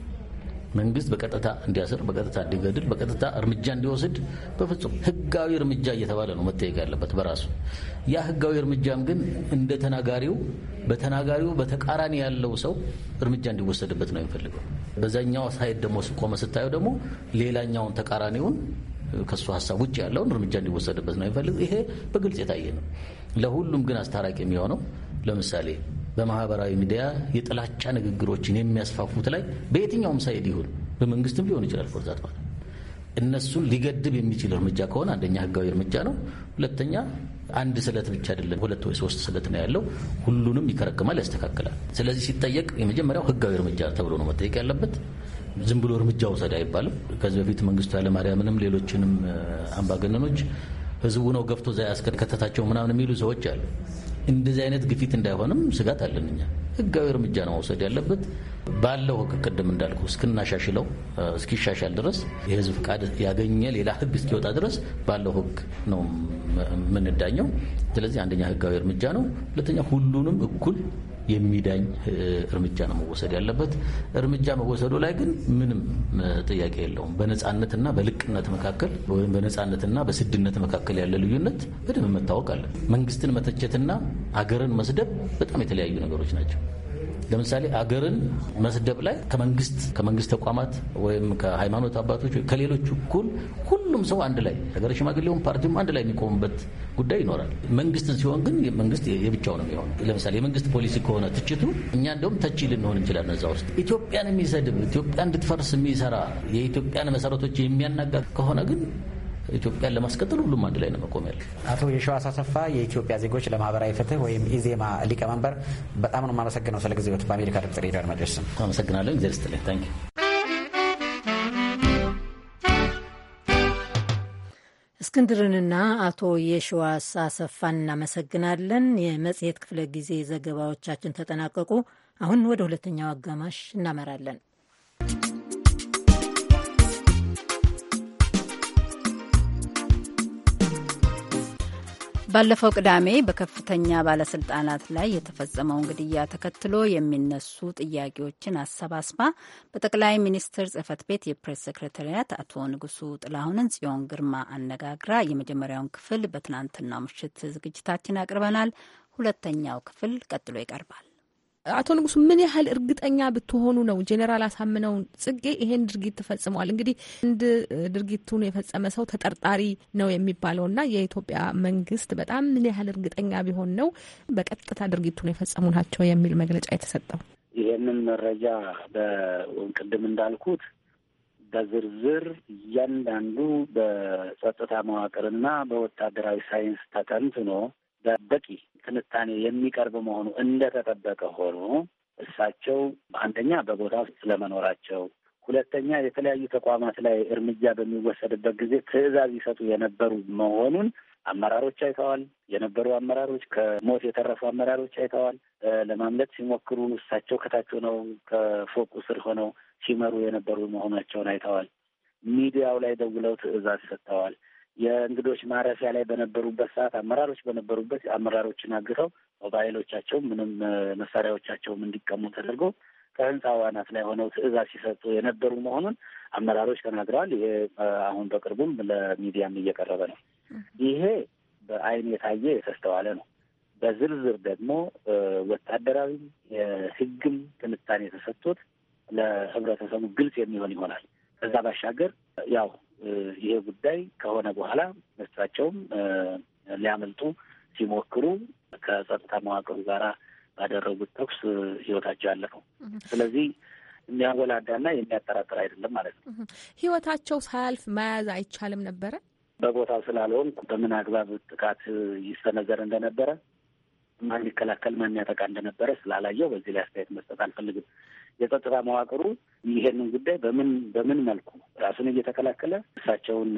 መንግስት በቀጥታ እንዲያስር፣ በቀጥታ እንዲገድል፣ በቀጥታ እርምጃ እንዲወስድ በፍጹም ህጋዊ እርምጃ እየተባለ ነው መጠየቅ ያለበት በራሱ ያ ህጋዊ እርምጃም ግን እንደ ተናጋሪው በተናጋሪው በተቃራኒ ያለው ሰው እርምጃ እንዲወሰድበት ነው የሚፈልገው። በዛኛው ሳይድ ደግሞ ቆመ ስታየው ደግሞ ሌላኛውን ተቃራኒውን ከእሱ ሀሳብ ውጭ ያለውን እርምጃ እንዲወሰድበት ነው የሚፈልገው። ይሄ በግልጽ የታየ ነው። ለሁሉም ግን አስታራቂ የሚሆነው ለምሳሌ በማህበራዊ ሚዲያ የጥላቻ ንግግሮችን የሚያስፋፉት ላይ በየትኛውም ሳይድ ይሁን በመንግስትም ሊሆን ይችላል ፎርዛት ማለት እነሱን ሊገድብ የሚችል እርምጃ ከሆነ አንደኛ ህጋዊ እርምጃ ነው። ሁለተኛ አንድ ስለት ብቻ አይደለም፣ ሁለት ወይ ሶስት ስለት ነው ያለው። ሁሉንም ይከረክማል፣ ያስተካክላል። ስለዚህ ሲጠየቅ የመጀመሪያው ህጋዊ እርምጃ ተብሎ ነው መጠየቅ ያለበት። ዝም ብሎ እርምጃ ውሰድ አይባልም። ከዚህ በፊት መንግስቱ ኃይለማርያምንም ሌሎችንም አምባገነኖች ህዝቡ ነው ገፍቶ እዛ ያስከተታቸው ምናምን የሚሉ ሰዎች አሉ። እንደዚህ አይነት ግፊት እንዳይሆንም ስጋት አለን። እኛ ህጋዊ እርምጃ ነው መውሰድ ያለበት። ባለው ህግ ቅድም እንዳልኩ እስክናሻሽለው እስኪሻሻል ድረስ የህዝብ ፍቃድ ያገኘ ሌላ ህግ እስኪወጣ ድረስ ባለው ህግ ነው የምንዳኘው። ስለዚህ አንደኛ ህጋዊ እርምጃ ነው፣ ሁለተኛ ሁሉንም እኩል የሚዳኝ እርምጃ ነው መወሰድ ያለበት። እርምጃ መወሰዱ ላይ ግን ምንም ጥያቄ የለውም። በነፃነትና በልቅነት መካከል ወይም በነፃነትና በስድነት መካከል ያለ ልዩነት በደንብ መታወቅ አለ። መንግስትን መተቸትና ሀገርን መስደብ በጣም የተለያዩ ነገሮች ናቸው። ለምሳሌ አገርን መስደብ ላይ ከመንግስት ከመንግስት ተቋማት ወይም ከሃይማኖት አባቶች ከሌሎች እኩል ሁሉም ሰው አንድ ላይ ሀገር ሽማግሌውም ፓርቲውም አንድ ላይ የሚቆሙበት ጉዳይ ይኖራል። መንግስትን ሲሆን ግን መንግስት የብቻው ነው የሚሆነ። ለምሳሌ የመንግስት ፖሊሲ ከሆነ ትችቱ እኛ እንደውም ተቺ ልንሆን እንችላለን። እዛ ውስጥ ኢትዮጵያን የሚሰድብ ኢትዮጵያ እንድትፈርስ የሚሰራ የኢትዮጵያን መሰረቶች የሚያናጋ ከሆነ ግን ኢትዮጵያን ለማስቀጠል ሁሉም አንድ ላይ ነው መቆም ያለ። አቶ የሸዋስ አሰፋ የኢትዮጵያ ዜጎች ለማህበራዊ ፍትህ ወይም ኢዜማ ሊቀመንበር፣ በጣም ነው የማመሰግነው ስለ ጊዜዎት። በአሜሪካ ድምጽ ሬዲዮ አድማጮች ስም አመሰግናለሁ። እግዚአብሔር ይስጥልኝ። ታንኪ እስክንድርንና አቶ የሸዋስ አሰፋን እናመሰግናለን። የመጽሔት ክፍለ ጊዜ ዘገባዎቻችን ተጠናቀቁ። አሁን ወደ ሁለተኛው አጋማሽ እናመራለን። ባለፈው ቅዳሜ በከፍተኛ ባለስልጣናት ላይ የተፈጸመውን ግድያ ተከትሎ የሚነሱ ጥያቄዎችን አሰባስባ በጠቅላይ ሚኒስትር ጽህፈት ቤት የፕሬስ ሴክሬታሪያት አቶ ንጉሱ ጥላሁንን ጽዮን ግርማ አነጋግራ የመጀመሪያውን ክፍል በትናንትናው ምሽት ዝግጅታችን አቅርበናል። ሁለተኛው ክፍል ቀጥሎ ይቀርባል። አቶ ንጉሱ ምን ያህል እርግጠኛ ብትሆኑ ነው ጄኔራል አሳምነውን ጽጌ ይሄን ድርጊት ፈጽመዋል? እንግዲህ አንድ ድርጊቱን የፈጸመ ሰው ተጠርጣሪ ነው የሚባለው እና የኢትዮጵያ መንግስት በጣም ምን ያህል እርግጠኛ ቢሆን ነው በቀጥታ ድርጊቱን የፈጸሙ ናቸው የሚል መግለጫ የተሰጠው? ይሄንን መረጃ በቅድም እንዳልኩት በዝርዝር እያንዳንዱ በጸጥታ መዋቅርና በወታደራዊ ሳይንስ ተተንትኖ በቂ ትንታኔ የሚቀርብ መሆኑ እንደተጠበቀ ሆኖ እሳቸው አንደኛ በቦታው ስለመኖራቸው፣ ሁለተኛ የተለያዩ ተቋማት ላይ እርምጃ በሚወሰድበት ጊዜ ትዕዛዝ ይሰጡ የነበሩ መሆኑን አመራሮች አይተዋል። የነበሩ አመራሮች ከሞት የተረፉ አመራሮች አይተዋል። ለማምለጥ ሲሞክሩ እሳቸው ከታች ሆነው ከፎቁ ስር ሆነው ሲመሩ የነበሩ መሆናቸውን አይተዋል። ሚዲያው ላይ ደውለው ትዕዛዝ ሰጥተዋል። የእንግዶች ማረፊያ ላይ በነበሩበት ሰዓት አመራሮች በነበሩበት አመራሮችን አግተው ሞባይሎቻቸውም ምንም መሳሪያዎቻቸውም እንዲቀሙ ተደርጎ ከህንፃው አናት ላይ ሆነው ትዕዛዝ ሲሰጡ የነበሩ መሆኑን አመራሮች ተናግረዋል። ይሄ አሁን በቅርቡም ለሚዲያም እየቀረበ ነው። ይሄ በአይን የታየ የተስተዋለ ነው። በዝርዝር ደግሞ ወታደራዊ የህግም ትንታኔ የተሰጡት ለህብረተሰቡ ግልጽ የሚሆን ይሆናል። ከዛ ባሻገር ያው ይሄ ጉዳይ ከሆነ በኋላ እሳቸውም ሊያመልጡ ሲሞክሩ ከጸጥታ መዋቅሩ ጋራ ባደረጉት ተኩስ ህይወታቸው ያለፈው። ስለዚህ የሚያወላዳና የሚያጠራጥር አይደለም ማለት ነው። ህይወታቸው ሳያልፍ መያዝ አይቻልም ነበረ። በቦታው ስላልሆን በምን አግባብ ጥቃት ይሰነዘር እንደነበረ ማን ሊከላከል ማን ያጠቃ እንደነበረ ስላላየው በዚህ ላይ አስተያየት መስጠት አልፈልግም። የጸጥታ መዋቅሩ ይሄንን ጉዳይ በምን በምን መልኩ ራሱን እየተከላከለ እሳቸውን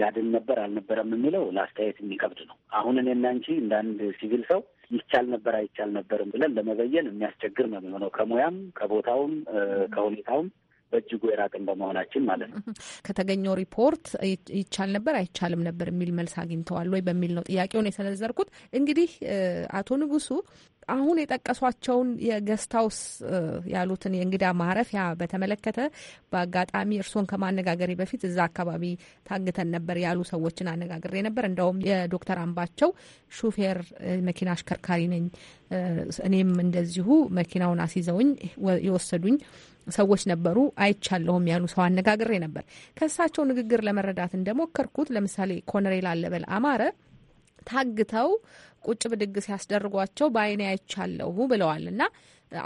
ያድን ነበር አልነበረም የሚለው ለአስተያየት የሚከብድ ነው። አሁን እኔና አንቺ እንደ አንድ ሲቪል ሰው ይቻል ነበር አይቻል ነበርም ብለን ለመበየን የሚያስቸግር ነው የሚሆነው ከሙያም ከቦታውም ከሁኔታውም በእጅጉ የራቅን በመሆናችን ማለት ነው። ከተገኘው ሪፖርት ይቻል ነበር አይቻልም ነበር የሚል መልስ አግኝተዋል ወይ በሚል ነው ጥያቄውን የሰነዘርኩት። እንግዲህ አቶ ንጉሱ አሁን የጠቀሷቸውን የገስታውስ ያሉትን የእንግዳ ማረፊያ በተመለከተ በአጋጣሚ እርስዎን ከማነጋገሬ በፊት እዛ አካባቢ ታግተን ነበር ያሉ ሰዎችን አነጋግሬ ነበር። እንደውም የዶክተር አምባቸው ሹፌር መኪና አሽከርካሪ ነኝ፣ እኔም እንደዚሁ መኪናውን አስይዘውኝ የወሰዱኝ ሰዎች ነበሩ አይቻለሁም ያሉ ሰው አነጋግሬ ነበር። ከእሳቸው ንግግር ለመረዳት እንደሞከርኩት ለምሳሌ ኮሎኔል አለበል አማረ ታግተው ቁጭ ብድግ ሲያስደርጓቸው በአይኔ አይቻለሁ ብለዋል እና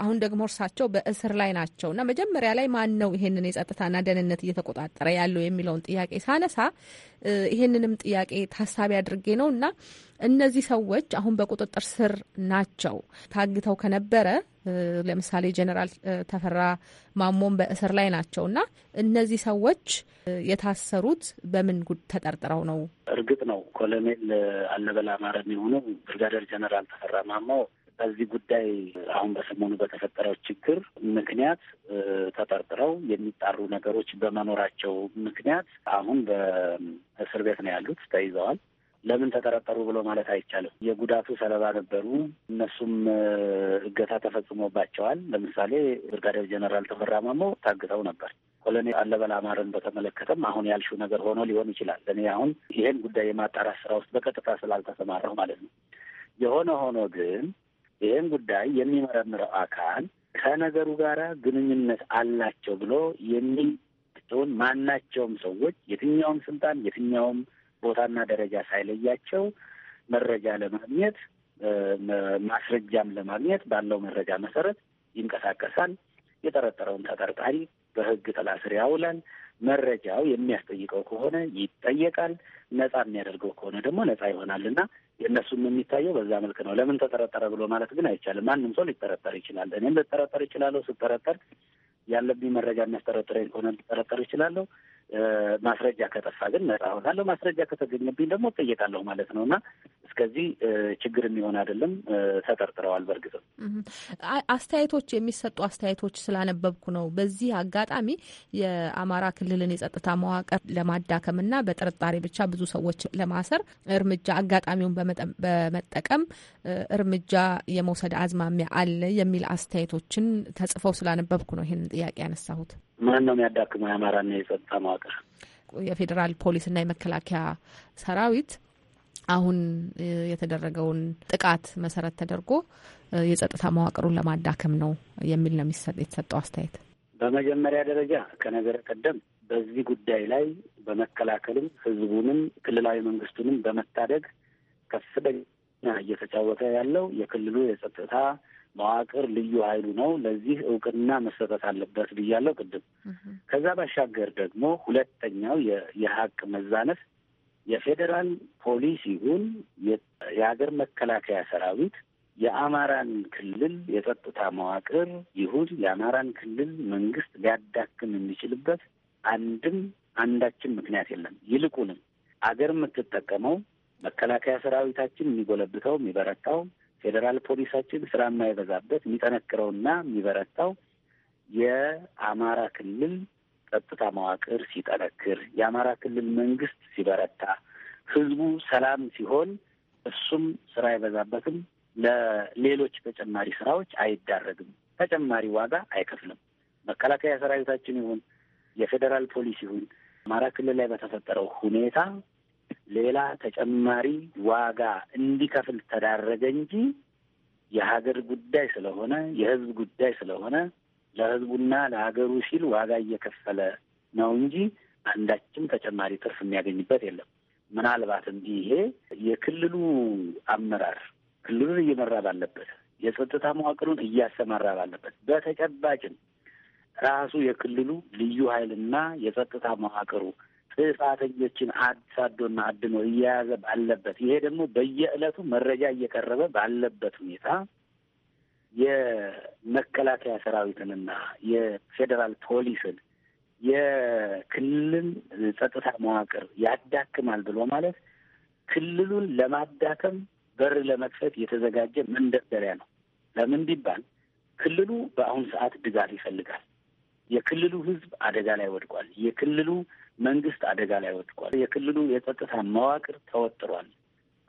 አሁን ደግሞ እርሳቸው በእስር ላይ ናቸው እና መጀመሪያ ላይ ማን ነው ይሄንን የጸጥታና ደህንነት እየተቆጣጠረ ያለው የሚለውን ጥያቄ ሳነሳ ይሄንንም ጥያቄ ታሳቢ አድርጌ ነው እና እነዚህ ሰዎች አሁን በቁጥጥር ስር ናቸው ታግተው ከነበረ ለምሳሌ ጀነራል ተፈራ ማሞን በእስር ላይ ናቸው እና እነዚህ ሰዎች የታሰሩት በምን ጉድ ተጠርጥረው ነው? እርግጥ ነው ኮሎኔል አለበል አማረ የሚሆኑ ብርጋደር ጀነራል ተፈራ ማሞ በዚህ ጉዳይ አሁን በሰሞኑ በተፈጠረው ችግር ምክንያት ተጠርጥረው የሚጣሩ ነገሮች በመኖራቸው ምክንያት አሁን በእስር ቤት ነው ያሉት፣ ተይዘዋል። ለምን ተጠረጠሩ ብሎ ማለት አይቻልም። የጉዳቱ ሰለባ ነበሩ። እነሱም እገታ ተፈጽሞባቸዋል። ለምሳሌ ብርጋዴር ጀነራል ተፈራ ማሞ ታግተው ነበር። ኮሎኔል አለበል አማረን በተመለከተም አሁን ያልሹ ነገር ሆኖ ሊሆን ይችላል። እኔ አሁን ይህን ጉዳይ የማጣራት ስራ ውስጥ በቀጥታ ስላልተሰማራሁ ማለት ነው። የሆነ ሆኖ ግን ይህን ጉዳይ የሚመረምረው አካል ከነገሩ ጋር ግንኙነት አላቸው ብሎ የሚቸውን ማናቸውም ሰዎች የትኛውም ስልጣን የትኛውም ቦታና ደረጃ ሳይለያቸው መረጃ ለማግኘት ማስረጃም ለማግኘት ባለው መረጃ መሰረት ይንቀሳቀሳል። የጠረጠረውን ተጠርጣሪ በህግ ጥላ ስር ያውላል። መረጃው የሚያስጠይቀው ከሆነ ይጠየቃል። ነጻ የሚያደርገው ከሆነ ደግሞ ነጻ ይሆናል እና የእነሱም የሚታየው በዛ መልክ ነው። ለምን ተጠረጠረ ብሎ ማለት ግን አይቻልም። ማንም ሰው ሊጠረጠር ይችላል። እኔም ልጠረጠር ይችላለሁ። ስጠረጠር ያለብኝ መረጃ የሚያስጠረጥረኝ ከሆነ ልጠረጠር ይችላለሁ። ማስረጃ ከጠፋ ግን ነጻ እሆናለሁ። ማስረጃ ከተገኘብኝ ደግሞ እጠየቃለሁ ማለት ነው እና እስከዚህ ችግር የሚሆን አይደለም። ተጠርጥረዋል። በእርግጥም አስተያየቶች የሚሰጡ አስተያየቶች ስላነበብኩ ነው። በዚህ አጋጣሚ የአማራ ክልልን የጸጥታ መዋቅር ለማዳከም እና በጥርጣሬ ብቻ ብዙ ሰዎች ለማሰር እርምጃ አጋጣሚውን በመጠቀም እርምጃ የመውሰድ አዝማሚያ አለ የሚል አስተያየቶችን ተጽፈው ስላነበብኩ ነው ይህንን ጥያቄ ያነሳሁት። ማን ነው የሚያዳክመው? የአማራና የጸጥታ መዋቅር የፌዴራል ፖሊስና የመከላከያ ሰራዊት አሁን የተደረገውን ጥቃት መሰረት ተደርጎ የጸጥታ መዋቅሩን ለማዳከም ነው የሚል ነው የተሰጠው አስተያየት። በመጀመሪያ ደረጃ ከነገር ቀደም በዚህ ጉዳይ ላይ በመከላከልም ህዝቡንም ክልላዊ መንግስቱንም በመታደግ ከፍተኛ እየተጫወተ ያለው የክልሉ የጸጥታ መዋቅር ልዩ ኃይሉ ነው። ለዚህ እውቅና መሰጠት አለበት ብያለው ቅድም። ከዛ ባሻገር ደግሞ ሁለተኛው የሀቅ መዛነፍ የፌዴራል ፖሊስ ይሁን የሀገር መከላከያ ሰራዊት የአማራን ክልል የጸጥታ መዋቅር ይሁን የአማራን ክልል መንግስት ሊያዳክም የሚችልበት አንድም አንዳችን ምክንያት የለም። ይልቁንም አገር የምትጠቀመው መከላከያ ሰራዊታችን የሚጎለብተው የሚበረታው ፌዴራል ፖሊሳችን ስራ የማይበዛበት የሚጠነክረውና የሚበረታው የአማራ ክልል ጸጥታ መዋቅር ሲጠነክር፣ የአማራ ክልል መንግስት ሲበረታ፣ ህዝቡ ሰላም ሲሆን እሱም ስራ አይበዛበትም። ለሌሎች ተጨማሪ ስራዎች አይዳረግም። ተጨማሪ ዋጋ አይከፍልም። መከላከያ ሰራዊታችን ይሁን የፌዴራል ፖሊስ ይሁን አማራ ክልል ላይ በተፈጠረው ሁኔታ ሌላ ተጨማሪ ዋጋ እንዲከፍል ተዳረገ እንጂ የሀገር ጉዳይ ስለሆነ የህዝብ ጉዳይ ስለሆነ ለህዝቡና ለሀገሩ ሲል ዋጋ እየከፈለ ነው እንጂ አንዳችም ተጨማሪ ትርፍ የሚያገኝበት የለም። ምናልባትም ይሄ የክልሉ አመራር ክልሉን እየመራ ባለበት የጸጥታ መዋቅሩን እያሰማራ ባለበት በተጨባጭም ራሱ የክልሉ ልዩ ኃይልና የጸጥታ መዋቅሩ ጥፋተኞችን አሳዶና አድኖ እየያዘ ባለበት ይሄ ደግሞ በየዕለቱ መረጃ እየቀረበ ባለበት ሁኔታ የመከላከያ ሰራዊትንና የፌዴራል ፖሊስን የክልልን ጸጥታ መዋቅር ያዳክማል ብሎ ማለት ክልሉን ለማዳከም በር ለመክፈት የተዘጋጀ መንደርደሪያ ነው። ለምን ቢባል ክልሉ በአሁኑ ሰዓት ድጋፍ ይፈልጋል። የክልሉ ህዝብ አደጋ ላይ ወድቋል። የክልሉ መንግስት አደጋ ላይ ወድቋል። የክልሉ የጸጥታ መዋቅር ተወጥሯል።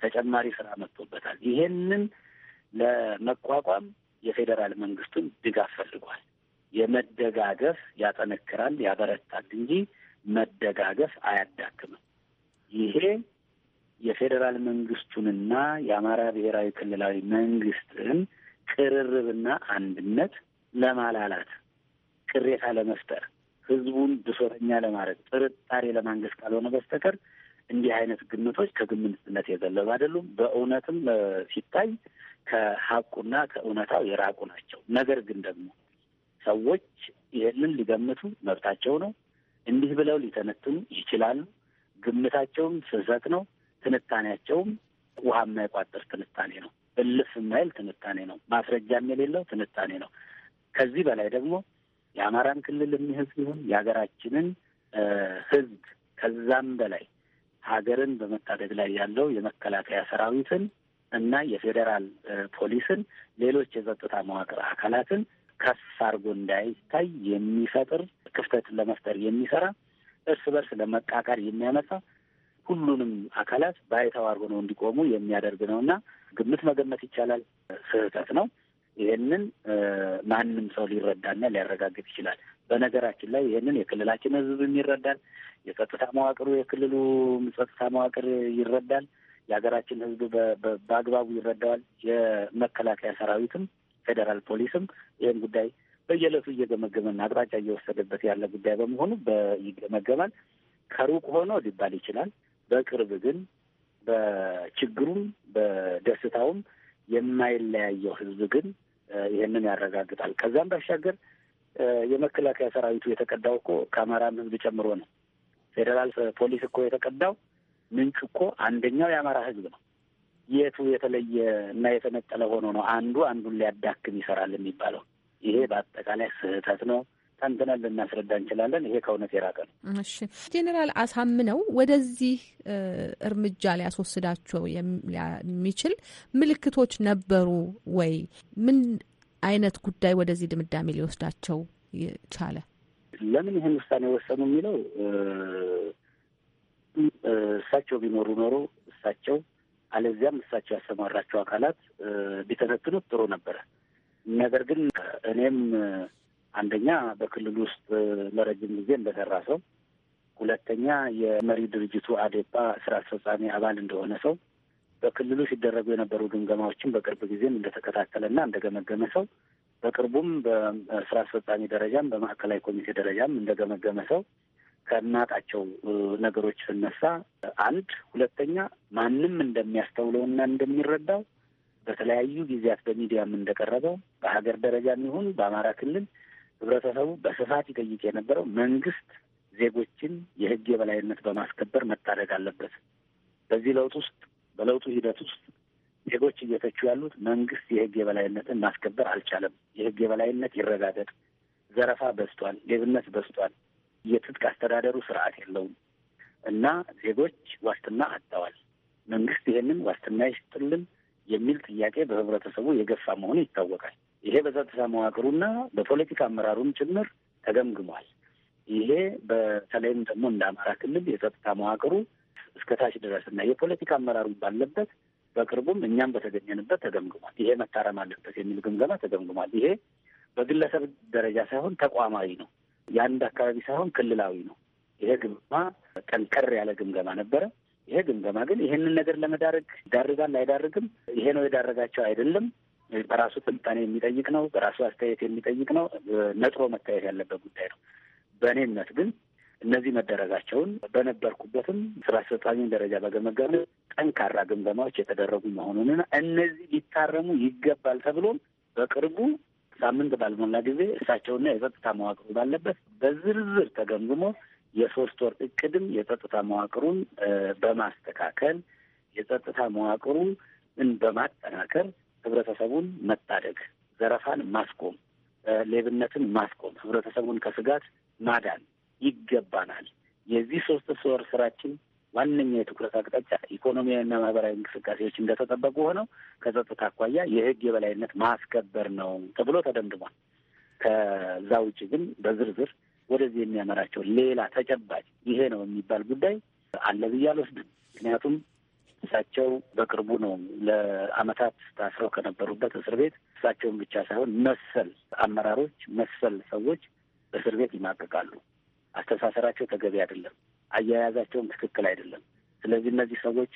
ተጨማሪ ስራ መጥቶበታል። ይሄንን ለመቋቋም የፌዴራል መንግስቱን ድጋፍ ፈልጓል። የመደጋገፍ ያጠነክራል፣ ያበረታል እንጂ መደጋገፍ አያዳክምም። ይሄ የፌዴራል መንግስቱንና የአማራ ብሔራዊ ክልላዊ መንግስትን ቅርርብና አንድነት ለማላላት ቅሬታ ለመፍጠር ህዝቡን ብሶተኛ ለማድረግ ጥርጣሬ ለማንገስ ካልሆነ በስተቀር እንዲህ አይነት ግምቶች ከግምትነት የዘለሉ አይደሉም። በእውነትም ሲታይ ከሀቁና ከእውነታው የራቁ ናቸው። ነገር ግን ደግሞ ሰዎች ይህንን ሊገምቱ መብታቸው ነው። እንዲህ ብለው ሊተነትኑ ይችላሉ። ግምታቸውም ስህተት ነው። ትንታኔያቸውም ውሃ የማይቋጠር ትንታኔ ነው። እልፍ የማይል ትንታኔ ነው። ማስረጃም የሌለው ትንታኔ ነው። ከዚህ በላይ ደግሞ የአማራን ክልል የሚህዝብ ይሁን የሀገራችንን ህዝብ ከዛም በላይ ሀገርን በመታደግ ላይ ያለው የመከላከያ ሰራዊትን እና የፌዴራል ፖሊስን፣ ሌሎች የጸጥታ መዋቅር አካላትን ከፍ አድርጎ እንዳይታይ የሚፈጥር ክፍተት ለመፍጠር የሚሰራ እርስ በርስ ለመቃቃር የሚያመጣ ሁሉንም አካላት ባይተዋር ሆነው እንዲቆሙ የሚያደርግ ነው እና ግምት መገመት ይቻላል። ስህተት ነው። ይህንን ማንም ሰው ሊረዳና ሊያረጋግጥ ይችላል። በነገራችን ላይ ይህንን የክልላችን ህዝብም ይረዳል። የጸጥታ መዋቅሩ የክልሉ ጸጥታ መዋቅር ይረዳል። የሀገራችን ህዝብ በአግባቡ ይረዳዋል። የመከላከያ ሰራዊትም ፌዴራል ፖሊስም ይህን ጉዳይ በየዕለቱ እየገመገመና አቅጣጫ እየወሰደበት ያለ ጉዳይ በመሆኑ ይገመገማል። ከሩቅ ሆኖ ሊባል ይችላል። በቅርብ ግን በችግሩም በደስታውም የማይለያየው ህዝብ ግን ይህንን ያረጋግጣል። ከዚያም ባሻገር የመከላከያ ሰራዊቱ የተቀዳው እኮ ከአማራም ህዝብ ጨምሮ ነው። ፌዴራል ፖሊስ እኮ የተቀዳው ምንጩ እኮ አንደኛው የአማራ ህዝብ ነው። የቱ የተለየ እና የተነጠለ ሆኖ ነው አንዱ አንዱን ሊያዳክም ይሰራል የሚባለው? ይሄ በአጠቃላይ ስህተት ነው። ተንትነን ልናስረዳ እንችላለን። ይሄ ከእውነት የራቀ ነው። እሺ ጄኔራል አሳምነው ወደዚህ እርምጃ ሊያስወስዳቸው የሚችል ምልክቶች ነበሩ ወይ? ምን አይነት ጉዳይ ወደዚህ ድምዳሜ ሊወስዳቸው ቻለ? ለምን ይህን ውሳኔ ወሰኑ የሚለው እሳቸው ቢኖሩ ኖሮ እሳቸው አለዚያም እሳቸው ያሰማራቸው አካላት ቢተነትኑት ጥሩ ነበረ። ነገር ግን እኔም አንደኛ በክልል ውስጥ ለረጅም ጊዜ እንደሰራ ሰው፣ ሁለተኛ የመሪ ድርጅቱ አዴፓ ስራ አስፈጻሚ አባል እንደሆነ ሰው፣ በክልሉ ሲደረጉ የነበሩ ግምገማዎችን በቅርብ ጊዜም እንደተከታተለና እንደገመገመ ሰው፣ በቅርቡም በስራ አስፈጻሚ ደረጃም በማዕከላዊ ኮሚቴ ደረጃም እንደገመገመ ሰው ከእናጣቸው ነገሮች ስነሳ አንድ ሁለተኛ ማንም እንደሚያስተውለውና እንደሚረዳው በተለያዩ ጊዜያት በሚዲያም እንደቀረበው በሀገር ደረጃም ይሁን በአማራ ክልል ህብረተሰቡ በስፋት ይጠይቅ የነበረው መንግስት ዜጎችን የህግ የበላይነት በማስከበር መታደግ አለበት። በዚህ ለውጥ ውስጥ በለውጡ ሂደት ውስጥ ዜጎች እየተቹ ያሉት መንግስት የህግ የበላይነትን ማስከበር አልቻለም፣ የህግ የበላይነት ይረጋገጥ፣ ዘረፋ በዝቷል፣ ሌብነት በዝቷል፣ የትጥቅ አስተዳደሩ ስርዓት የለውም እና ዜጎች ዋስትና አጥተዋል። መንግስት ይህንን ዋስትና ይስጥልን የሚል ጥያቄ በህብረተሰቡ የገፋ መሆኑ ይታወቃል። ይሄ በጸጥታ መዋቅሩና በፖለቲካ አመራሩም ጭምር ተገምግሟል። ይሄ በተለይም ደግሞ እንደ አማራ ክልል የጸጥታ መዋቅሩ እስከታች ድረስ እና የፖለቲካ አመራሩም ባለበት በቅርቡም እኛም በተገኘንበት ተገምግሟል። ይሄ መታረም አለበት የሚል ግምገማ ተገምግሟል። ይሄ በግለሰብ ደረጃ ሳይሆን ተቋማዊ ነው። የአንድ አካባቢ ሳይሆን ክልላዊ ነው። ይሄ ግምገማ ጠንከር ያለ ግምገማ ነበረ። ይሄ ግምገማ ግን ይህንን ነገር ለመዳረግ ዳርጋል አይዳርግም፣ ይሄ ነው የዳረጋቸው አይደለም በራሱ ትንታኔ የሚጠይቅ ነው። በራሱ አስተያየት የሚጠይቅ ነው። ነጥሮ መታየት ያለበት ጉዳይ ነው። በእኔ እምነት ግን እነዚህ መደረጋቸውን በነበርኩበትም ስራ አስፈጻሚን ደረጃ በገመገም ጠንካራ ግምገማዎች የተደረጉ መሆኑንና እነዚህ ሊታረሙ ይገባል ተብሎም በቅርቡ ሳምንት ባልሞላ ጊዜ እሳቸውና የጸጥታ መዋቅሩ ባለበት በዝርዝር ተገምግሞ የሶስት ወር እቅድም የጸጥታ መዋቅሩን በማስተካከል የጸጥታ መዋቅሩን በማጠናከር ህብረተሰቡን መታደግ፣ ዘረፋን ማስቆም፣ ሌብነትን ማስቆም፣ ህብረተሰቡን ከስጋት ማዳን ይገባናል። የዚህ ሶስት ወር ስራችን ዋነኛ የትኩረት አቅጣጫ ኢኮኖሚያዊና ማህበራዊ እንቅስቃሴዎች እንደተጠበቁ ሆነው ከጸጥታ አኳያ የህግ የበላይነት ማስከበር ነው ተብሎ ተደምድሟል። ከዛ ውጭ ግን በዝርዝር ወደዚህ የሚያመራቸው ሌላ ተጨባጭ ይሄ ነው የሚባል ጉዳይ አለ ብዬ አልወስድም። ምክንያቱም እሳቸው በቅርቡ ነው ለአመታት ታስረው ከነበሩበት እስር ቤት እሳቸውን ብቻ ሳይሆን መሰል አመራሮች፣ መሰል ሰዎች እስር ቤት ይማቀቃሉ። አስተሳሰራቸው ተገቢ አይደለም፣ አያያዛቸውም ትክክል አይደለም። ስለዚህ እነዚህ ሰዎች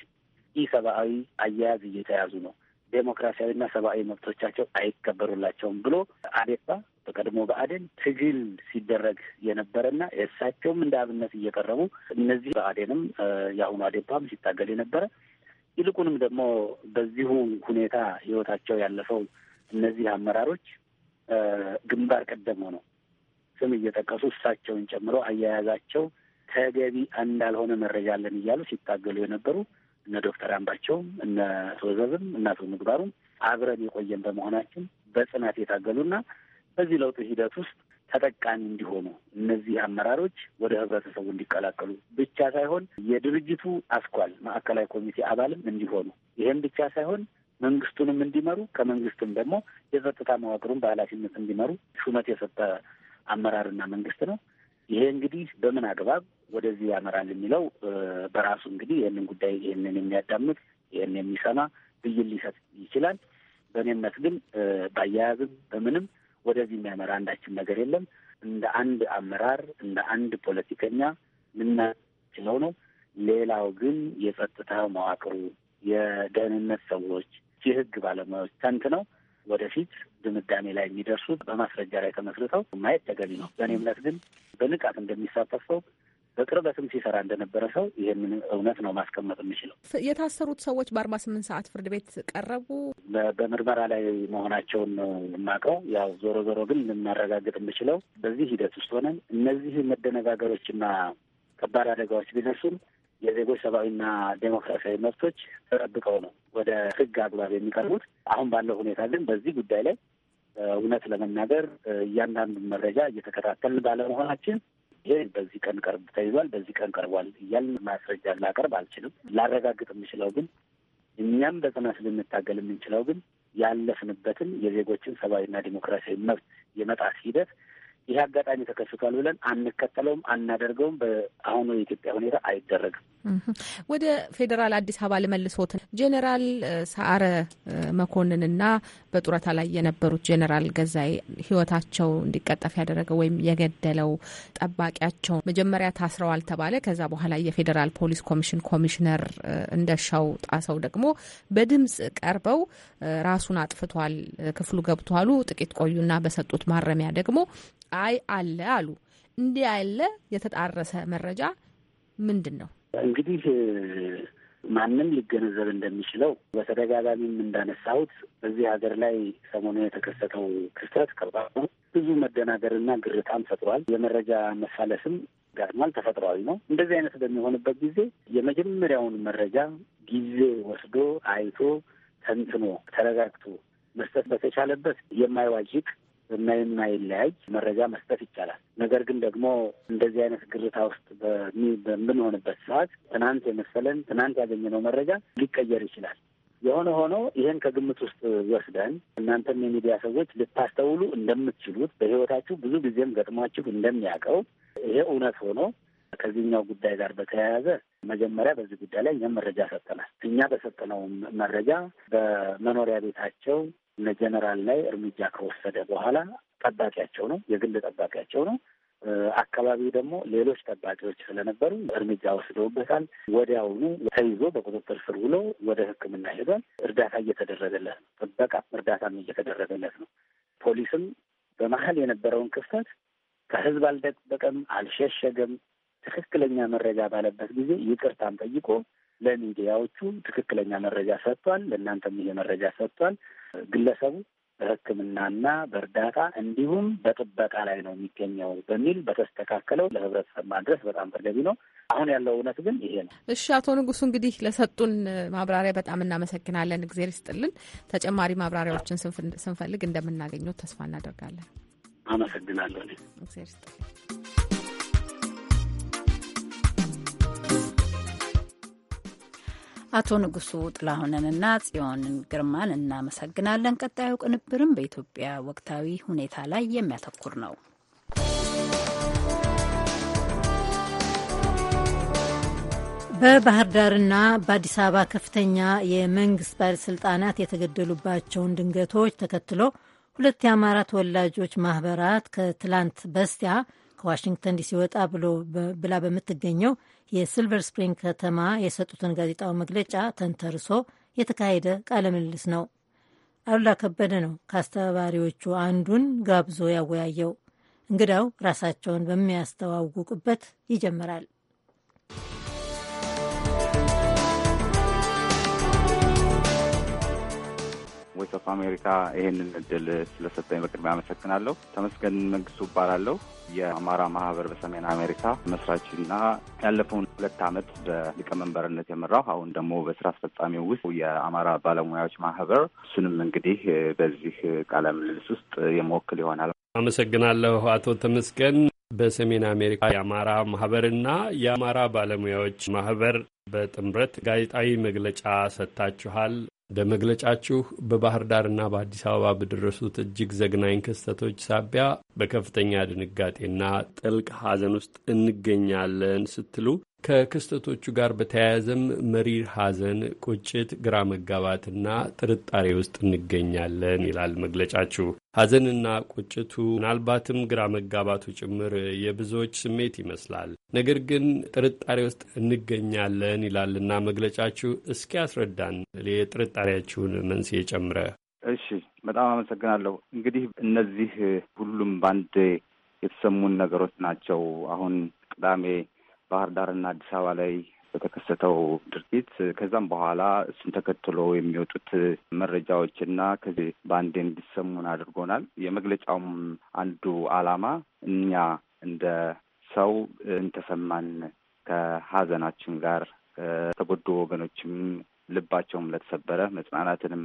ኢ ሰብአዊ አያያዝ እየተያዙ ነው፣ ዴሞክራሲያዊና ሰብአዊ መብቶቻቸው አይከበሩላቸውም ብሎ አዴፓ በቀድሞ በአዴን ትግል ሲደረግ የነበረና የእሳቸውም እንደ አብነት እየቀረቡ እነዚህ በአዴንም የአሁኑ አዴፓም ሲታገል የነበረ ይልቁንም ደግሞ በዚሁ ሁኔታ ህይወታቸው ያለፈው እነዚህ አመራሮች ግንባር ቀደም ሆነው ስም እየጠቀሱ እሳቸውን ጨምሮ አያያዛቸው ተገቢ እንዳልሆነ መረጃ አለን እያሉ ሲታገሉ የነበሩ እነ ዶክተር አምባቸውም እነ አቶ እና አቶ ምግባሩም አብረን የቆየን በመሆናችን በጽናት የታገሉና በዚህ ለውጥ ሂደት ውስጥ ተጠቃሚ እንዲሆኑ እነዚህ አመራሮች ወደ ህብረተሰቡ እንዲቀላቀሉ ብቻ ሳይሆን የድርጅቱ አስኳል ማዕከላዊ ኮሚቴ አባልም እንዲሆኑ ይህም ብቻ ሳይሆን መንግስቱንም እንዲመሩ ከመንግስትም ደግሞ የጸጥታ መዋቅሩን በኃላፊነት እንዲመሩ ሹመት የሰጠ አመራርና መንግስት ነው። ይሄ እንግዲህ በምን አግባብ ወደዚህ ያመራል የሚለው በራሱ እንግዲህ ይህንን ጉዳይ ይህንን የሚያዳምጥ ይህን የሚሰማ ብይን ሊሰጥ ይችላል። በእኔ እምነት ግን በአያያዝም በምንም ወደዚህ የሚያመራ አንዳችን ነገር የለም። እንደ አንድ አመራር እንደ አንድ ፖለቲከኛ ምናችለው ነው። ሌላው ግን የጸጥታ መዋቅሩ፣ የደህንነት ሰዎች፣ የህግ ባለሙያዎች ነው ወደፊት ድምዳሜ ላይ የሚደርሱት በማስረጃ ላይ ተመስርተው ማየት ተገቢ ነው። በእኔ እምነት ግን በንቃት እንደሚሳተፍ ሰው በቅርበትም ሲሰራ እንደነበረ ሰው ይህንን እውነት ነው ማስቀመጥ የምችለው። የታሰሩት ሰዎች በአርባ ስምንት ሰዓት ፍርድ ቤት ቀረቡ። በምርመራ ላይ መሆናቸውን ነው የማውቀው። ያው ዞሮ ዞሮ ግን ልናረጋግጥ የምችለው በዚህ ሂደት ውስጥ ሆነን እነዚህ መደነጋገሮችና ከባድ አደጋዎች ቢነሱም የዜጎች ሰብአዊና ዴሞክራሲያዊ መብቶች ተጠብቀው ነው ወደ ህግ አግባብ የሚቀርቡት። አሁን ባለው ሁኔታ ግን በዚህ ጉዳይ ላይ እውነት ለመናገር እያንዳንዱን መረጃ እየተከታተልን ባለመሆናችን ይሄ በዚህ ቀን ቀርብ ተይዟል፣ በዚህ ቀን ቀርቧል እያል ማስረጃ ላቀርብ አልችልም። ላረጋግጥ የምችለው ግን እኛም በጽናት ልንታገል የምንችለው ግን ያለፍንበትን የዜጎችን ሰብአዊና ዲሞክራሲያዊ መብት የመጣስ ሂደት ይህ አጋጣሚ ተከስቷል ብለን አንከተለውም፣ አናደርገውም። በአሁኑ የኢትዮጵያ ሁኔታ አይደረግም። ወደ ፌዴራል አዲስ አበባ ልመልሶትን ጄኔራል ሰዓረ መኮንንና በጡረታ ላይ የነበሩት ጄኔራል ገዛይ ህይወታቸው እንዲቀጠፍ ያደረገው ወይም የገደለው ጠባቂያቸው መጀመሪያ ታስረዋል ተባለ። ከዛ በኋላ የፌዴራል ፖሊስ ኮሚሽን ኮሚሽነር እንደሻው ጣሰው ደግሞ በድምጽ ቀርበው ራሱን አጥፍቷል ክፍሉ ገብቷሉ ጥቂት ቆዩና በሰጡት ማረሚያ ደግሞ አይ አለ አሉ። እንዲህ ያለ የተጣረሰ መረጃ ምንድን ነው? እንግዲህ ማንም ሊገነዘብ እንደሚችለው በተደጋጋሚም እንዳነሳሁት በዚህ ሀገር ላይ ሰሞኑ የተከሰተው ክስተት ከባድ ብዙ መደናገርና ግርታም ፈጥሯል። የመረጃ መሳለስም ጋጥሟል። ተፈጥሯዊ ነው። እንደዚህ አይነት በሚሆንበት ጊዜ የመጀመሪያውን መረጃ ጊዜ ወስዶ አይቶ ተንትኖ ተረጋግቶ መስጠት በተቻለበት የማይዋጅቅ የማይለያይ መረጃ መስጠት ይቻላል። ነገር ግን ደግሞ እንደዚህ አይነት ግርታ ውስጥ በምንሆንበት ሰዓት ትናንት የመሰለን ትናንት ያገኘነው መረጃ ሊቀየር ይችላል። የሆነ ሆኖ ይህን ከግምት ውስጥ ወስደን እናንተም የሚዲያ ሰዎች ልታስተውሉ እንደምትችሉት በሕይወታችሁ ብዙ ጊዜም ገጥሟችሁ እንደሚያውቀው ይሄ እውነት ሆኖ ከዚህኛው ጉዳይ ጋር በተያያዘ መጀመሪያ በዚህ ጉዳይ ላይ እኛም መረጃ ሰጠናል። እኛ በሰጠነው መረጃ በመኖሪያ ቤታቸው እነ ጀነራል ላይ እርምጃ ከወሰደ በኋላ ጠባቂያቸው ነው፣ የግል ጠባቂያቸው ነው። አካባቢው ደግሞ ሌሎች ጠባቂዎች ስለነበሩ እርምጃ ወስደውበታል። ወዲያውኑ ተይዞ በቁጥጥር ስር ውሎ ወደ ሕክምና ሄዷል። እርዳታ እየተደረገለት ነው። ጥበቃ እርዳታም እየተደረገለት ነው። ፖሊስም በመሀል የነበረውን ክፍተት ከህዝብ አልደበቀም፣ አልሸሸገም። ትክክለኛ መረጃ ባለበት ጊዜ ይቅርታም ጠይቆ ለሚዲያዎቹ ትክክለኛ መረጃ ሰጥቷል። ለእናንተም ይሄ መረጃ ሰጥቷል። ግለሰቡ በሕክምናና በእርዳታ እንዲሁም በጥበቃ ላይ ነው የሚገኘው በሚል በተስተካከለው ለህብረተሰብ ማድረስ በጣም ተገቢ ነው። አሁን ያለው እውነት ግን ይሄ ነው። እሺ፣ አቶ ንጉሱ እንግዲህ ለሰጡን ማብራሪያ በጣም እናመሰግናለን። እግዜር ይስጥልን። ተጨማሪ ማብራሪያዎችን ስንፈልግ እንደምናገኘው ተስፋ እናደርጋለን። አመሰግናለሁ። እግዜር ይስጥልን። አቶ ንጉሱ ጥላሁንንና ጽዮንን ግርማን እናመሰግናለን። ቀጣዩ ቅንብርም በኢትዮጵያ ወቅታዊ ሁኔታ ላይ የሚያተኩር ነው። በባህር ዳርና በአዲስ አበባ ከፍተኛ የመንግስት ባለሥልጣናት የተገደሉባቸውን ድንገቶች ተከትሎ ሁለት የአማራ ተወላጆች ማኅበራት ከትላንት በስቲያ ከዋሽንግተን ዲሲ ወጣ ብላ በምትገኘው የሲልቨር ስፕሪንግ ከተማ የሰጡትን ጋዜጣዊ መግለጫ ተንተርሶ የተካሄደ ቃለ ምልልስ ነው። አሉላ ከበደ ነው ከአስተባባሪዎቹ አንዱን ጋብዞ ያወያየው። እንግዳው ራሳቸውን በሚያስተዋውቁበት ይጀምራል። ቮይስ ኦፍ አሜሪካ ይህንን እድል ስለሰጠኝ በቅድሚያ አመሰግናለሁ። ተመስገን መንግስቱ እባላለሁ። የአማራ ማህበር በሰሜን አሜሪካ መስራችና ያለፈውን ሁለት ዓመት በሊቀመንበርነት የመራው አሁን ደግሞ በስራ አስፈጻሚው ውስጥ የአማራ ባለሙያዎች ማህበር እሱንም እንግዲህ በዚህ ቃለ ምልልስ ውስጥ የመወክል ይሆናል። አመሰግናለሁ አቶ ተመስገን። በሰሜን አሜሪካ የአማራ ማህበርና የአማራ ባለሙያዎች ማህበር በጥምረት ጋዜጣዊ መግለጫ ሰጥታችኋል። በመግለጫችሁ በባህር ዳርና በአዲስ አበባ በደረሱት እጅግ ዘግናኝ ክስተቶች ሳቢያ በከፍተኛ ድንጋጤና ጥልቅ ሐዘን ውስጥ እንገኛለን ስትሉ ከክስተቶቹ ጋር በተያያዘም መሪር ሐዘን፣ ቁጭት፣ ግራ መጋባትና ጥርጣሬ ውስጥ እንገኛለን ይላል መግለጫችሁ። ሐዘንና ቁጭቱ ምናልባትም ግራ መጋባቱ ጭምር የብዙዎች ስሜት ይመስላል። ነገር ግን ጥርጣሬ ውስጥ እንገኛለን ይላልና መግለጫችሁ። እስኪ ያስረዳን የጥርጣሬያችሁን መንስኤ ጨምረ። እሺ፣ በጣም አመሰግናለሁ። እንግዲህ እነዚህ ሁሉም በአንድ የተሰሙን ነገሮች ናቸው። አሁን ቅዳሜ ባህር ዳርና አዲስ አበባ ላይ በተከሰተው ድርጊት ከዛም በኋላ እሱን ተከትሎ የሚወጡት መረጃዎችና ከዚህ በአንዴ እንዲሰሙን አድርጎናል። የመግለጫውም አንዱ ዓላማ እኛ እንደ ሰው እንተሰማን ከሀዘናችን ጋር ከተጎዱ ወገኖችም ልባቸውም ለተሰበረ መጽናናትንም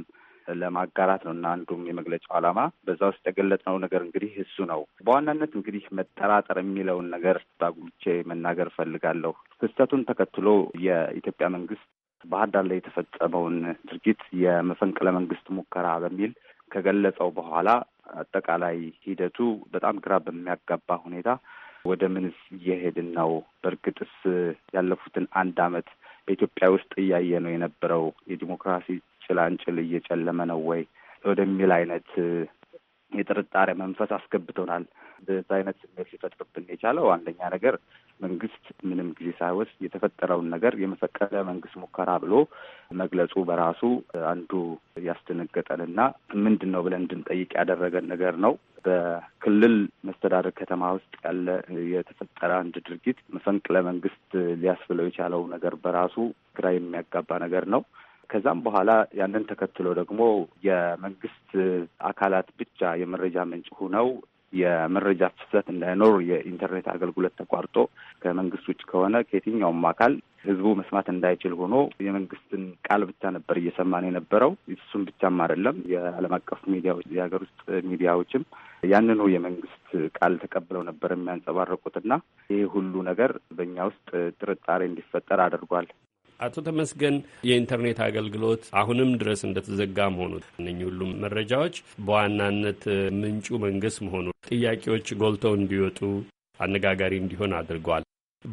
ለማጋራት ነው እና አንዱም የመግለጫው ዓላማ በዛ ውስጥ የገለጽነው ነገር እንግዲህ እሱ ነው። በዋናነት እንግዲህ መጠራጠር የሚለውን ነገር ባጉልቼ መናገር እፈልጋለሁ። ክስተቱን ተከትሎ የኢትዮጵያ መንግስት ባህር ዳር ላይ የተፈጸመውን ድርጊት የመፈንቅለ መንግስት ሙከራ በሚል ከገለጸው በኋላ አጠቃላይ ሂደቱ በጣም ግራ በሚያጋባ ሁኔታ ወደ ምንስ እየሄድን ነው? በእርግጥስ ያለፉትን አንድ ዓመት በኢትዮጵያ ውስጥ እያየ ነው የነበረው የዲሞክራሲ ጭላንጭል እየጨለመ ነው ወይ ወደሚል አይነት የጥርጣሬ መንፈስ አስገብቶናል። በዚ አይነት ስሜት ሊፈጥርብን የቻለው አንደኛ ነገር መንግስት ምንም ጊዜ ሳይወስድ የተፈጠረውን ነገር የመፈቀደ መንግስት ሙከራ ብሎ መግለጹ በራሱ አንዱ ያስደነገጠንና ምንድን ነው ብለን እንድንጠይቅ ያደረገን ነገር ነው። በክልል መስተዳደር ከተማ ውስጥ ያለ የተፈጠረ አንድ ድርጊት መፈንቅለ መንግስት ሊያስብለው የቻለው ነገር በራሱ ግራ የሚያጋባ ነገር ነው። ከዛም በኋላ ያንን ተከትሎ ደግሞ የመንግስት አካላት ብቻ የመረጃ ምንጭ ሆነው የመረጃ ፍሰት እንዳይኖር የኢንተርኔት አገልግሎት ተቋርጦ ከመንግስት ውጭ ከሆነ ከየትኛውም አካል ህዝቡ መስማት እንዳይችል ሆኖ የመንግስትን ቃል ብቻ ነበር እየሰማን የነበረው። እሱም ብቻም አይደለም፣ የዓለም አቀፍ ሚዲያዎች፣ የሀገር ውስጥ ሚዲያዎችም ያንኑ የመንግስት ቃል ተቀብለው ነበር የሚያንጸባረቁትና ይህ ሁሉ ነገር በእኛ ውስጥ ጥርጣሬ እንዲፈጠር አድርጓል። አቶ ተመስገን የኢንተርኔት አገልግሎት አሁንም ድረስ እንደተዘጋ መሆኑ እ ሁሉም መረጃዎች በዋናነት ምንጩ መንግስት መሆኑ ጥያቄዎች ጎልተው እንዲወጡ አነጋጋሪ እንዲሆን አድርጓል።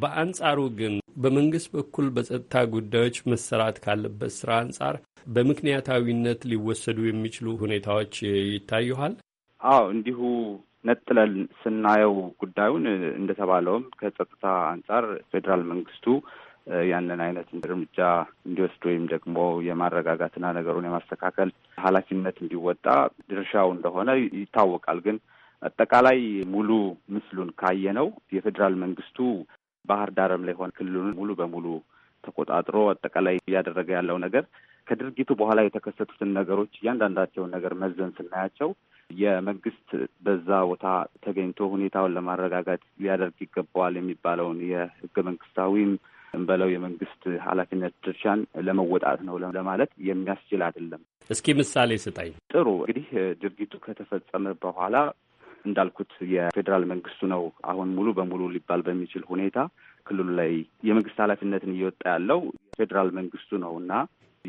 በአንጻሩ ግን በመንግስት በኩል በጸጥታ ጉዳዮች መሰራት ካለበት ስራ አንጻር በምክንያታዊነት ሊወሰዱ የሚችሉ ሁኔታዎች ይታዩሃል? አዎ እንዲሁ ነጥለን ስናየው ጉዳዩን እንደተባለውም ከጸጥታ አንጻር ፌዴራል መንግስቱ ያንን አይነት እርምጃ እንዲወስድ ወይም ደግሞ የማረጋጋትና ነገሩን የማስተካከል ኃላፊነት እንዲወጣ ድርሻው እንደሆነ ይታወቃል። ግን አጠቃላይ ሙሉ ምስሉን ካየነው የፌዴራል መንግስቱ ባህር ዳርም ላይ ሆነ ክልሉን ሙሉ በሙሉ ተቆጣጥሮ አጠቃላይ እያደረገ ያለው ነገር ከድርጊቱ በኋላ የተከሰቱትን ነገሮች እያንዳንዳቸውን ነገር መዘን ስናያቸው የመንግስት በዛ ቦታ ተገኝቶ ሁኔታውን ለማረጋጋት ሊያደርግ ይገባዋል የሚባለውን የህገ መንግስታዊም በለው የመንግስት ኃላፊነት ድርሻን ለመወጣት ነው ለማለት የሚያስችል አይደለም። እስኪ ምሳሌ ስጣኝ። ጥሩ እንግዲህ ድርጊቱ ከተፈጸመ በኋላ እንዳልኩት የፌዴራል መንግስቱ ነው አሁን ሙሉ በሙሉ ሊባል በሚችል ሁኔታ ክልሉ ላይ የመንግስት ኃላፊነትን እየወጣ ያለው ፌዴራል መንግስቱ ነው እና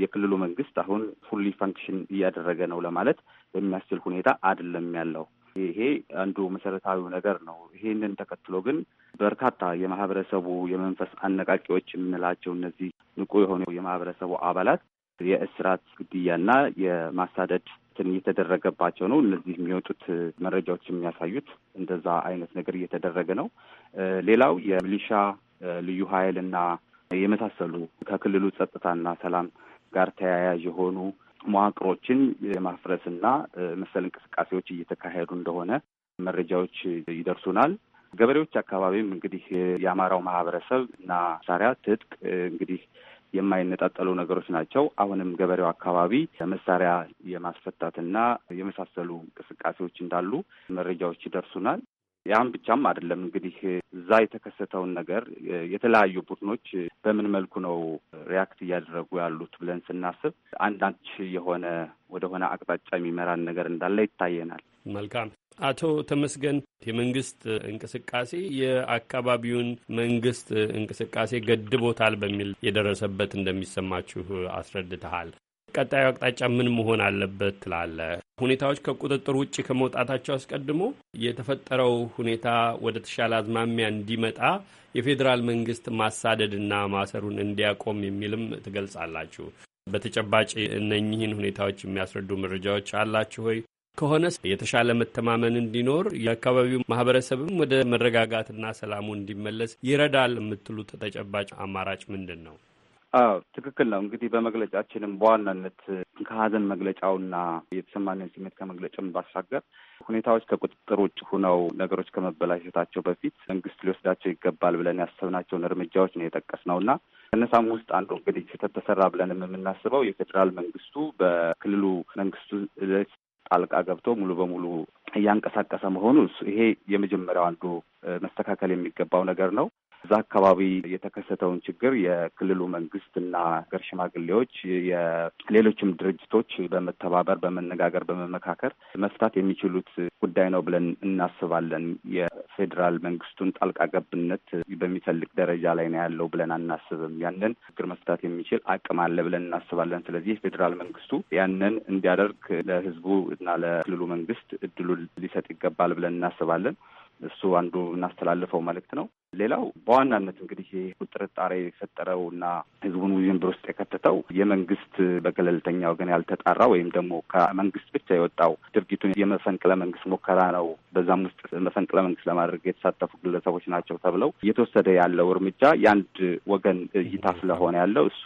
የክልሉ መንግስት አሁን ፉሊ ፋንክሽን እያደረገ ነው ለማለት የሚያስችል ሁኔታ አይደለም ያለው። ይሄ አንዱ መሰረታዊው ነገር ነው። ይሄንን ተከትሎ ግን በርካታ የማህበረሰቡ የመንፈስ አነቃቂዎች የምንላቸው እነዚህ ንቁ የሆኑ የማህበረሰቡ አባላት የእስራት ግድያና የማሳደድ እንትን እየተደረገባቸው ነው። እነዚህ የሚወጡት መረጃዎች የሚያሳዩት እንደዛ አይነት ነገር እየተደረገ ነው። ሌላው የሚሊሻ ልዩ ኃይል እና የመሳሰሉ ከክልሉ ጸጥታና ሰላም ጋር ተያያዥ የሆኑ መዋቅሮችን የማፍረስና መሰል እንቅስቃሴዎች እየተካሄዱ እንደሆነ መረጃዎች ይደርሱናል። ገበሬዎች አካባቢም እንግዲህ የአማራው ማህበረሰብ እና መሳሪያ ትጥቅ እንግዲህ የማይነጣጠሉ ነገሮች ናቸው። አሁንም ገበሬው አካባቢ መሳሪያ የማስፈታትና የመሳሰሉ እንቅስቃሴዎች እንዳሉ መረጃዎች ይደርሱናል። ያም ብቻም አይደለም እንግዲህ እዛ የተከሰተውን ነገር የተለያዩ ቡድኖች በምን መልኩ ነው ሪያክት እያደረጉ ያሉት ብለን ስናስብ አንዳች የሆነ ወደሆነ አቅጣጫ የሚመራን ነገር እንዳለ ይታየናል። መልካም አቶ ተመስገን፣ የመንግስት እንቅስቃሴ የአካባቢውን መንግስት እንቅስቃሴ ገድቦታል በሚል የደረሰበት እንደሚሰማችሁ አስረድተሃል። ቀጣዩ አቅጣጫ ምን መሆን አለበት ትላለ ሁኔታዎች ከቁጥጥር ውጭ ከመውጣታቸው አስቀድሞ የተፈጠረው ሁኔታ ወደ ተሻለ አዝማሚያ እንዲመጣ የፌዴራል መንግስት ማሳደድና ማሰሩን እንዲያቆም የሚልም ትገልጻላችሁ። በተጨባጭ እነኚህን ሁኔታዎች የሚያስረዱ መረጃዎች አላችሁ ሆይ? ከሆነ የተሻለ መተማመን እንዲኖር የአካባቢው ማህበረሰብም ወደ መረጋጋትና ሰላሙ እንዲመለስ ይረዳል የምትሉት ተጨባጭ አማራጭ ምንድን ነው? አዎ ትክክል ነው። እንግዲህ በመግለጫችንም በዋናነት ከሀዘን መግለጫውና የተሰማንን ስሜት ከመግለጫም ባሻገር ሁኔታዎች ከቁጥጥር ውጭ ሆነው ነገሮች ከመበላሸታቸው በፊት መንግስት ሊወስዳቸው ይገባል ብለን ያሰብናቸውን እርምጃዎች ነው የጠቀስነው እና ከነሳም ውስጥ አንዱ እንግዲህ ስህተት ተሰራ ብለንም የምናስበው የፌዴራል መንግስቱ በክልሉ መንግስቱ ጣልቃ ገብቶ ሙሉ በሙሉ እያንቀሳቀሰ መሆኑ ይሄ የመጀመሪያው አንዱ መስተካከል የሚገባው ነገር ነው። እዛ አካባቢ የተከሰተውን ችግር የክልሉ መንግስትና ገር ሽማግሌዎች የሌሎችም ድርጅቶች በመተባበር በመነጋገር በመመካከር መፍታት የሚችሉት ጉዳይ ነው ብለን እናስባለን። የፌዴራል መንግስቱን ጣልቃ ገብነት በሚፈልግ ደረጃ ላይ ነው ያለው ብለን አናስብም። ያንን ችግር መፍታት የሚችል አቅም አለ ብለን እናስባለን። ስለዚህ የፌዴራል መንግስቱ ያንን እንዲያደርግ ለህዝቡ እና ለክልሉ መንግስት እድሉን ሊሰጥ ይገባል ብለን እናስባለን። እሱ አንዱ እናስተላልፈው መልእክት ነው። ሌላው በዋናነት እንግዲህ ጥርጣሬ የፈጠረው እና ህዝቡን ውዥንብር ውስጥ የከተተው የመንግስት በገለልተኛ ወገን ያልተጣራ ወይም ደግሞ ከመንግስት ብቻ የወጣው ድርጊቱን የመፈንቅለ መንግስት ሙከራ ነው፣ በዛም ውስጥ መፈንቅለ መንግስት ለማድረግ የተሳተፉ ግለሰቦች ናቸው ተብለው እየተወሰደ ያለው እርምጃ የአንድ ወገን እይታ ስለሆነ ያለው እሱ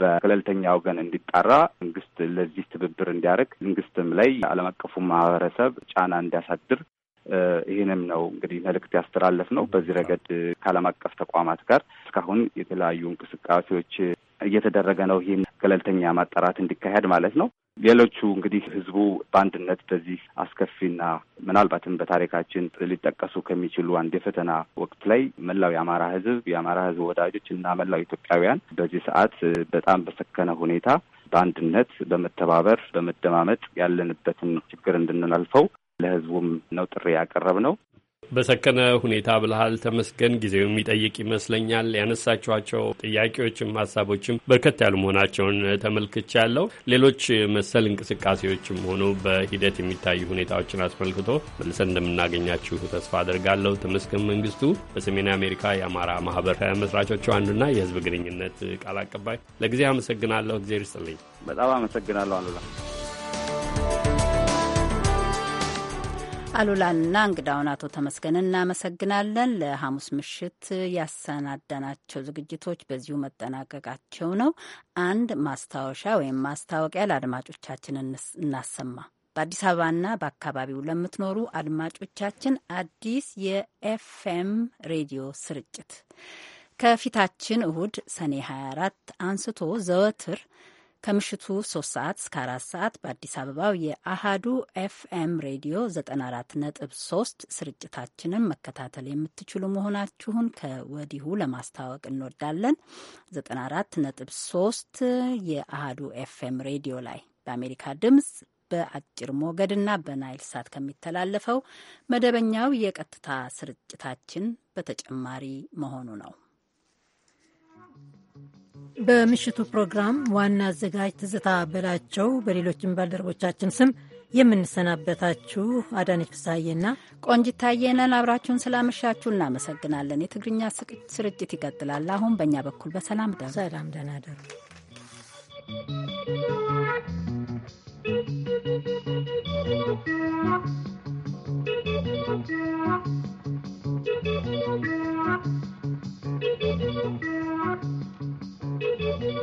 በገለልተኛ ወገን እንዲጣራ መንግስት ለዚህ ትብብር እንዲያደርግ መንግስትም ላይ ዓለም አቀፉ ማህበረሰብ ጫና እንዲያሳድር ይህንም ነው እንግዲህ መልእክት ያስተላለፍ ነው። በዚህ ረገድ ከዓለም አቀፍ ተቋማት ጋር እስካሁን የተለያዩ እንቅስቃሴዎች እየተደረገ ነው። ይህን ገለልተኛ ማጣራት እንዲካሄድ ማለት ነው። ሌሎቹ እንግዲህ ህዝቡ በአንድነት በዚህ አስከፊና ምናልባትም በታሪካችን ሊጠቀሱ ከሚችሉ አንድ የፈተና ወቅት ላይ መላው የአማራ ህዝብ የአማራ ህዝብ ወዳጆች እና መላው ኢትዮጵያውያን በዚህ ሰዓት በጣም በሰከነ ሁኔታ በአንድነት በመተባበር በመደማመጥ ያለንበትን ችግር እንድናልፈው ለህዝቡም ነው ጥሪ ያቀረብ ነው። በሰከነ ሁኔታ ብልሃል ተመስገን። ጊዜው የሚጠይቅ ይመስለኛል። ያነሳችኋቸው ጥያቄዎችም ሀሳቦችም በርከት ያሉ መሆናቸውን ተመልክቻለሁ። ሌሎች መሰል እንቅስቃሴዎችም ሆኑ በሂደት የሚታዩ ሁኔታዎችን አስመልክቶ መልሰን እንደምናገኛችሁ ተስፋ አድርጋለሁ። ተመስገን መንግስቱ በሰሜን አሜሪካ የአማራ ማህበር ከመስራቾቹ አንዱና የህዝብ ግንኙነት ቃል አቀባይ፣ ለጊዜ አመሰግናለሁ። እግዜር ይስጥልኝ። በጣም አመሰግናለሁ አሉላ። አሉላንና እንግዳውን አቶ ተመስገን እናመሰግናለን። ለሐሙስ ምሽት ያሰናዳናቸው ዝግጅቶች በዚሁ መጠናቀቃቸው ነው። አንድ ማስታወሻ ወይም ማስታወቂያ ለአድማጮቻችን እናሰማ። በአዲስ አበባና በአካባቢው ለምትኖሩ አድማጮቻችን አዲስ የኤፍኤም ሬዲዮ ስርጭት ከፊታችን እሁድ ሰኔ 24 አንስቶ ዘወትር ከምሽቱ 3 ሰዓት እስከ 4 ሰዓት በአዲስ አበባው የአሃዱ ኤፍኤም ሬዲዮ 94.3 ስርጭታችንን መከታተል የምትችሉ መሆናችሁን ከወዲሁ ለማስታወቅ እንወዳለን። 94.3 የአሃዱ ኤፍኤም ሬዲዮ ላይ በአሜሪካ ድምፅ በአጭር ሞገድና በናይል ሳት ከሚተላለፈው መደበኛው የቀጥታ ስርጭታችን በተጨማሪ መሆኑ ነው። በምሽቱ ፕሮግራም ዋና አዘጋጅ ትዝታ በላቸው፣ በሌሎችም ባልደረቦቻችን ስም የምንሰናበታችሁ አዳነች ፍሳዬና ቆንጂት ታየ አብራችሁን ስላመሻችሁ እናመሰግናለን። የትግርኛ ስርጭት ይቀጥላል። አሁን በእኛ በኩል በሰላም ደ ሰላም ደህና ደሩ።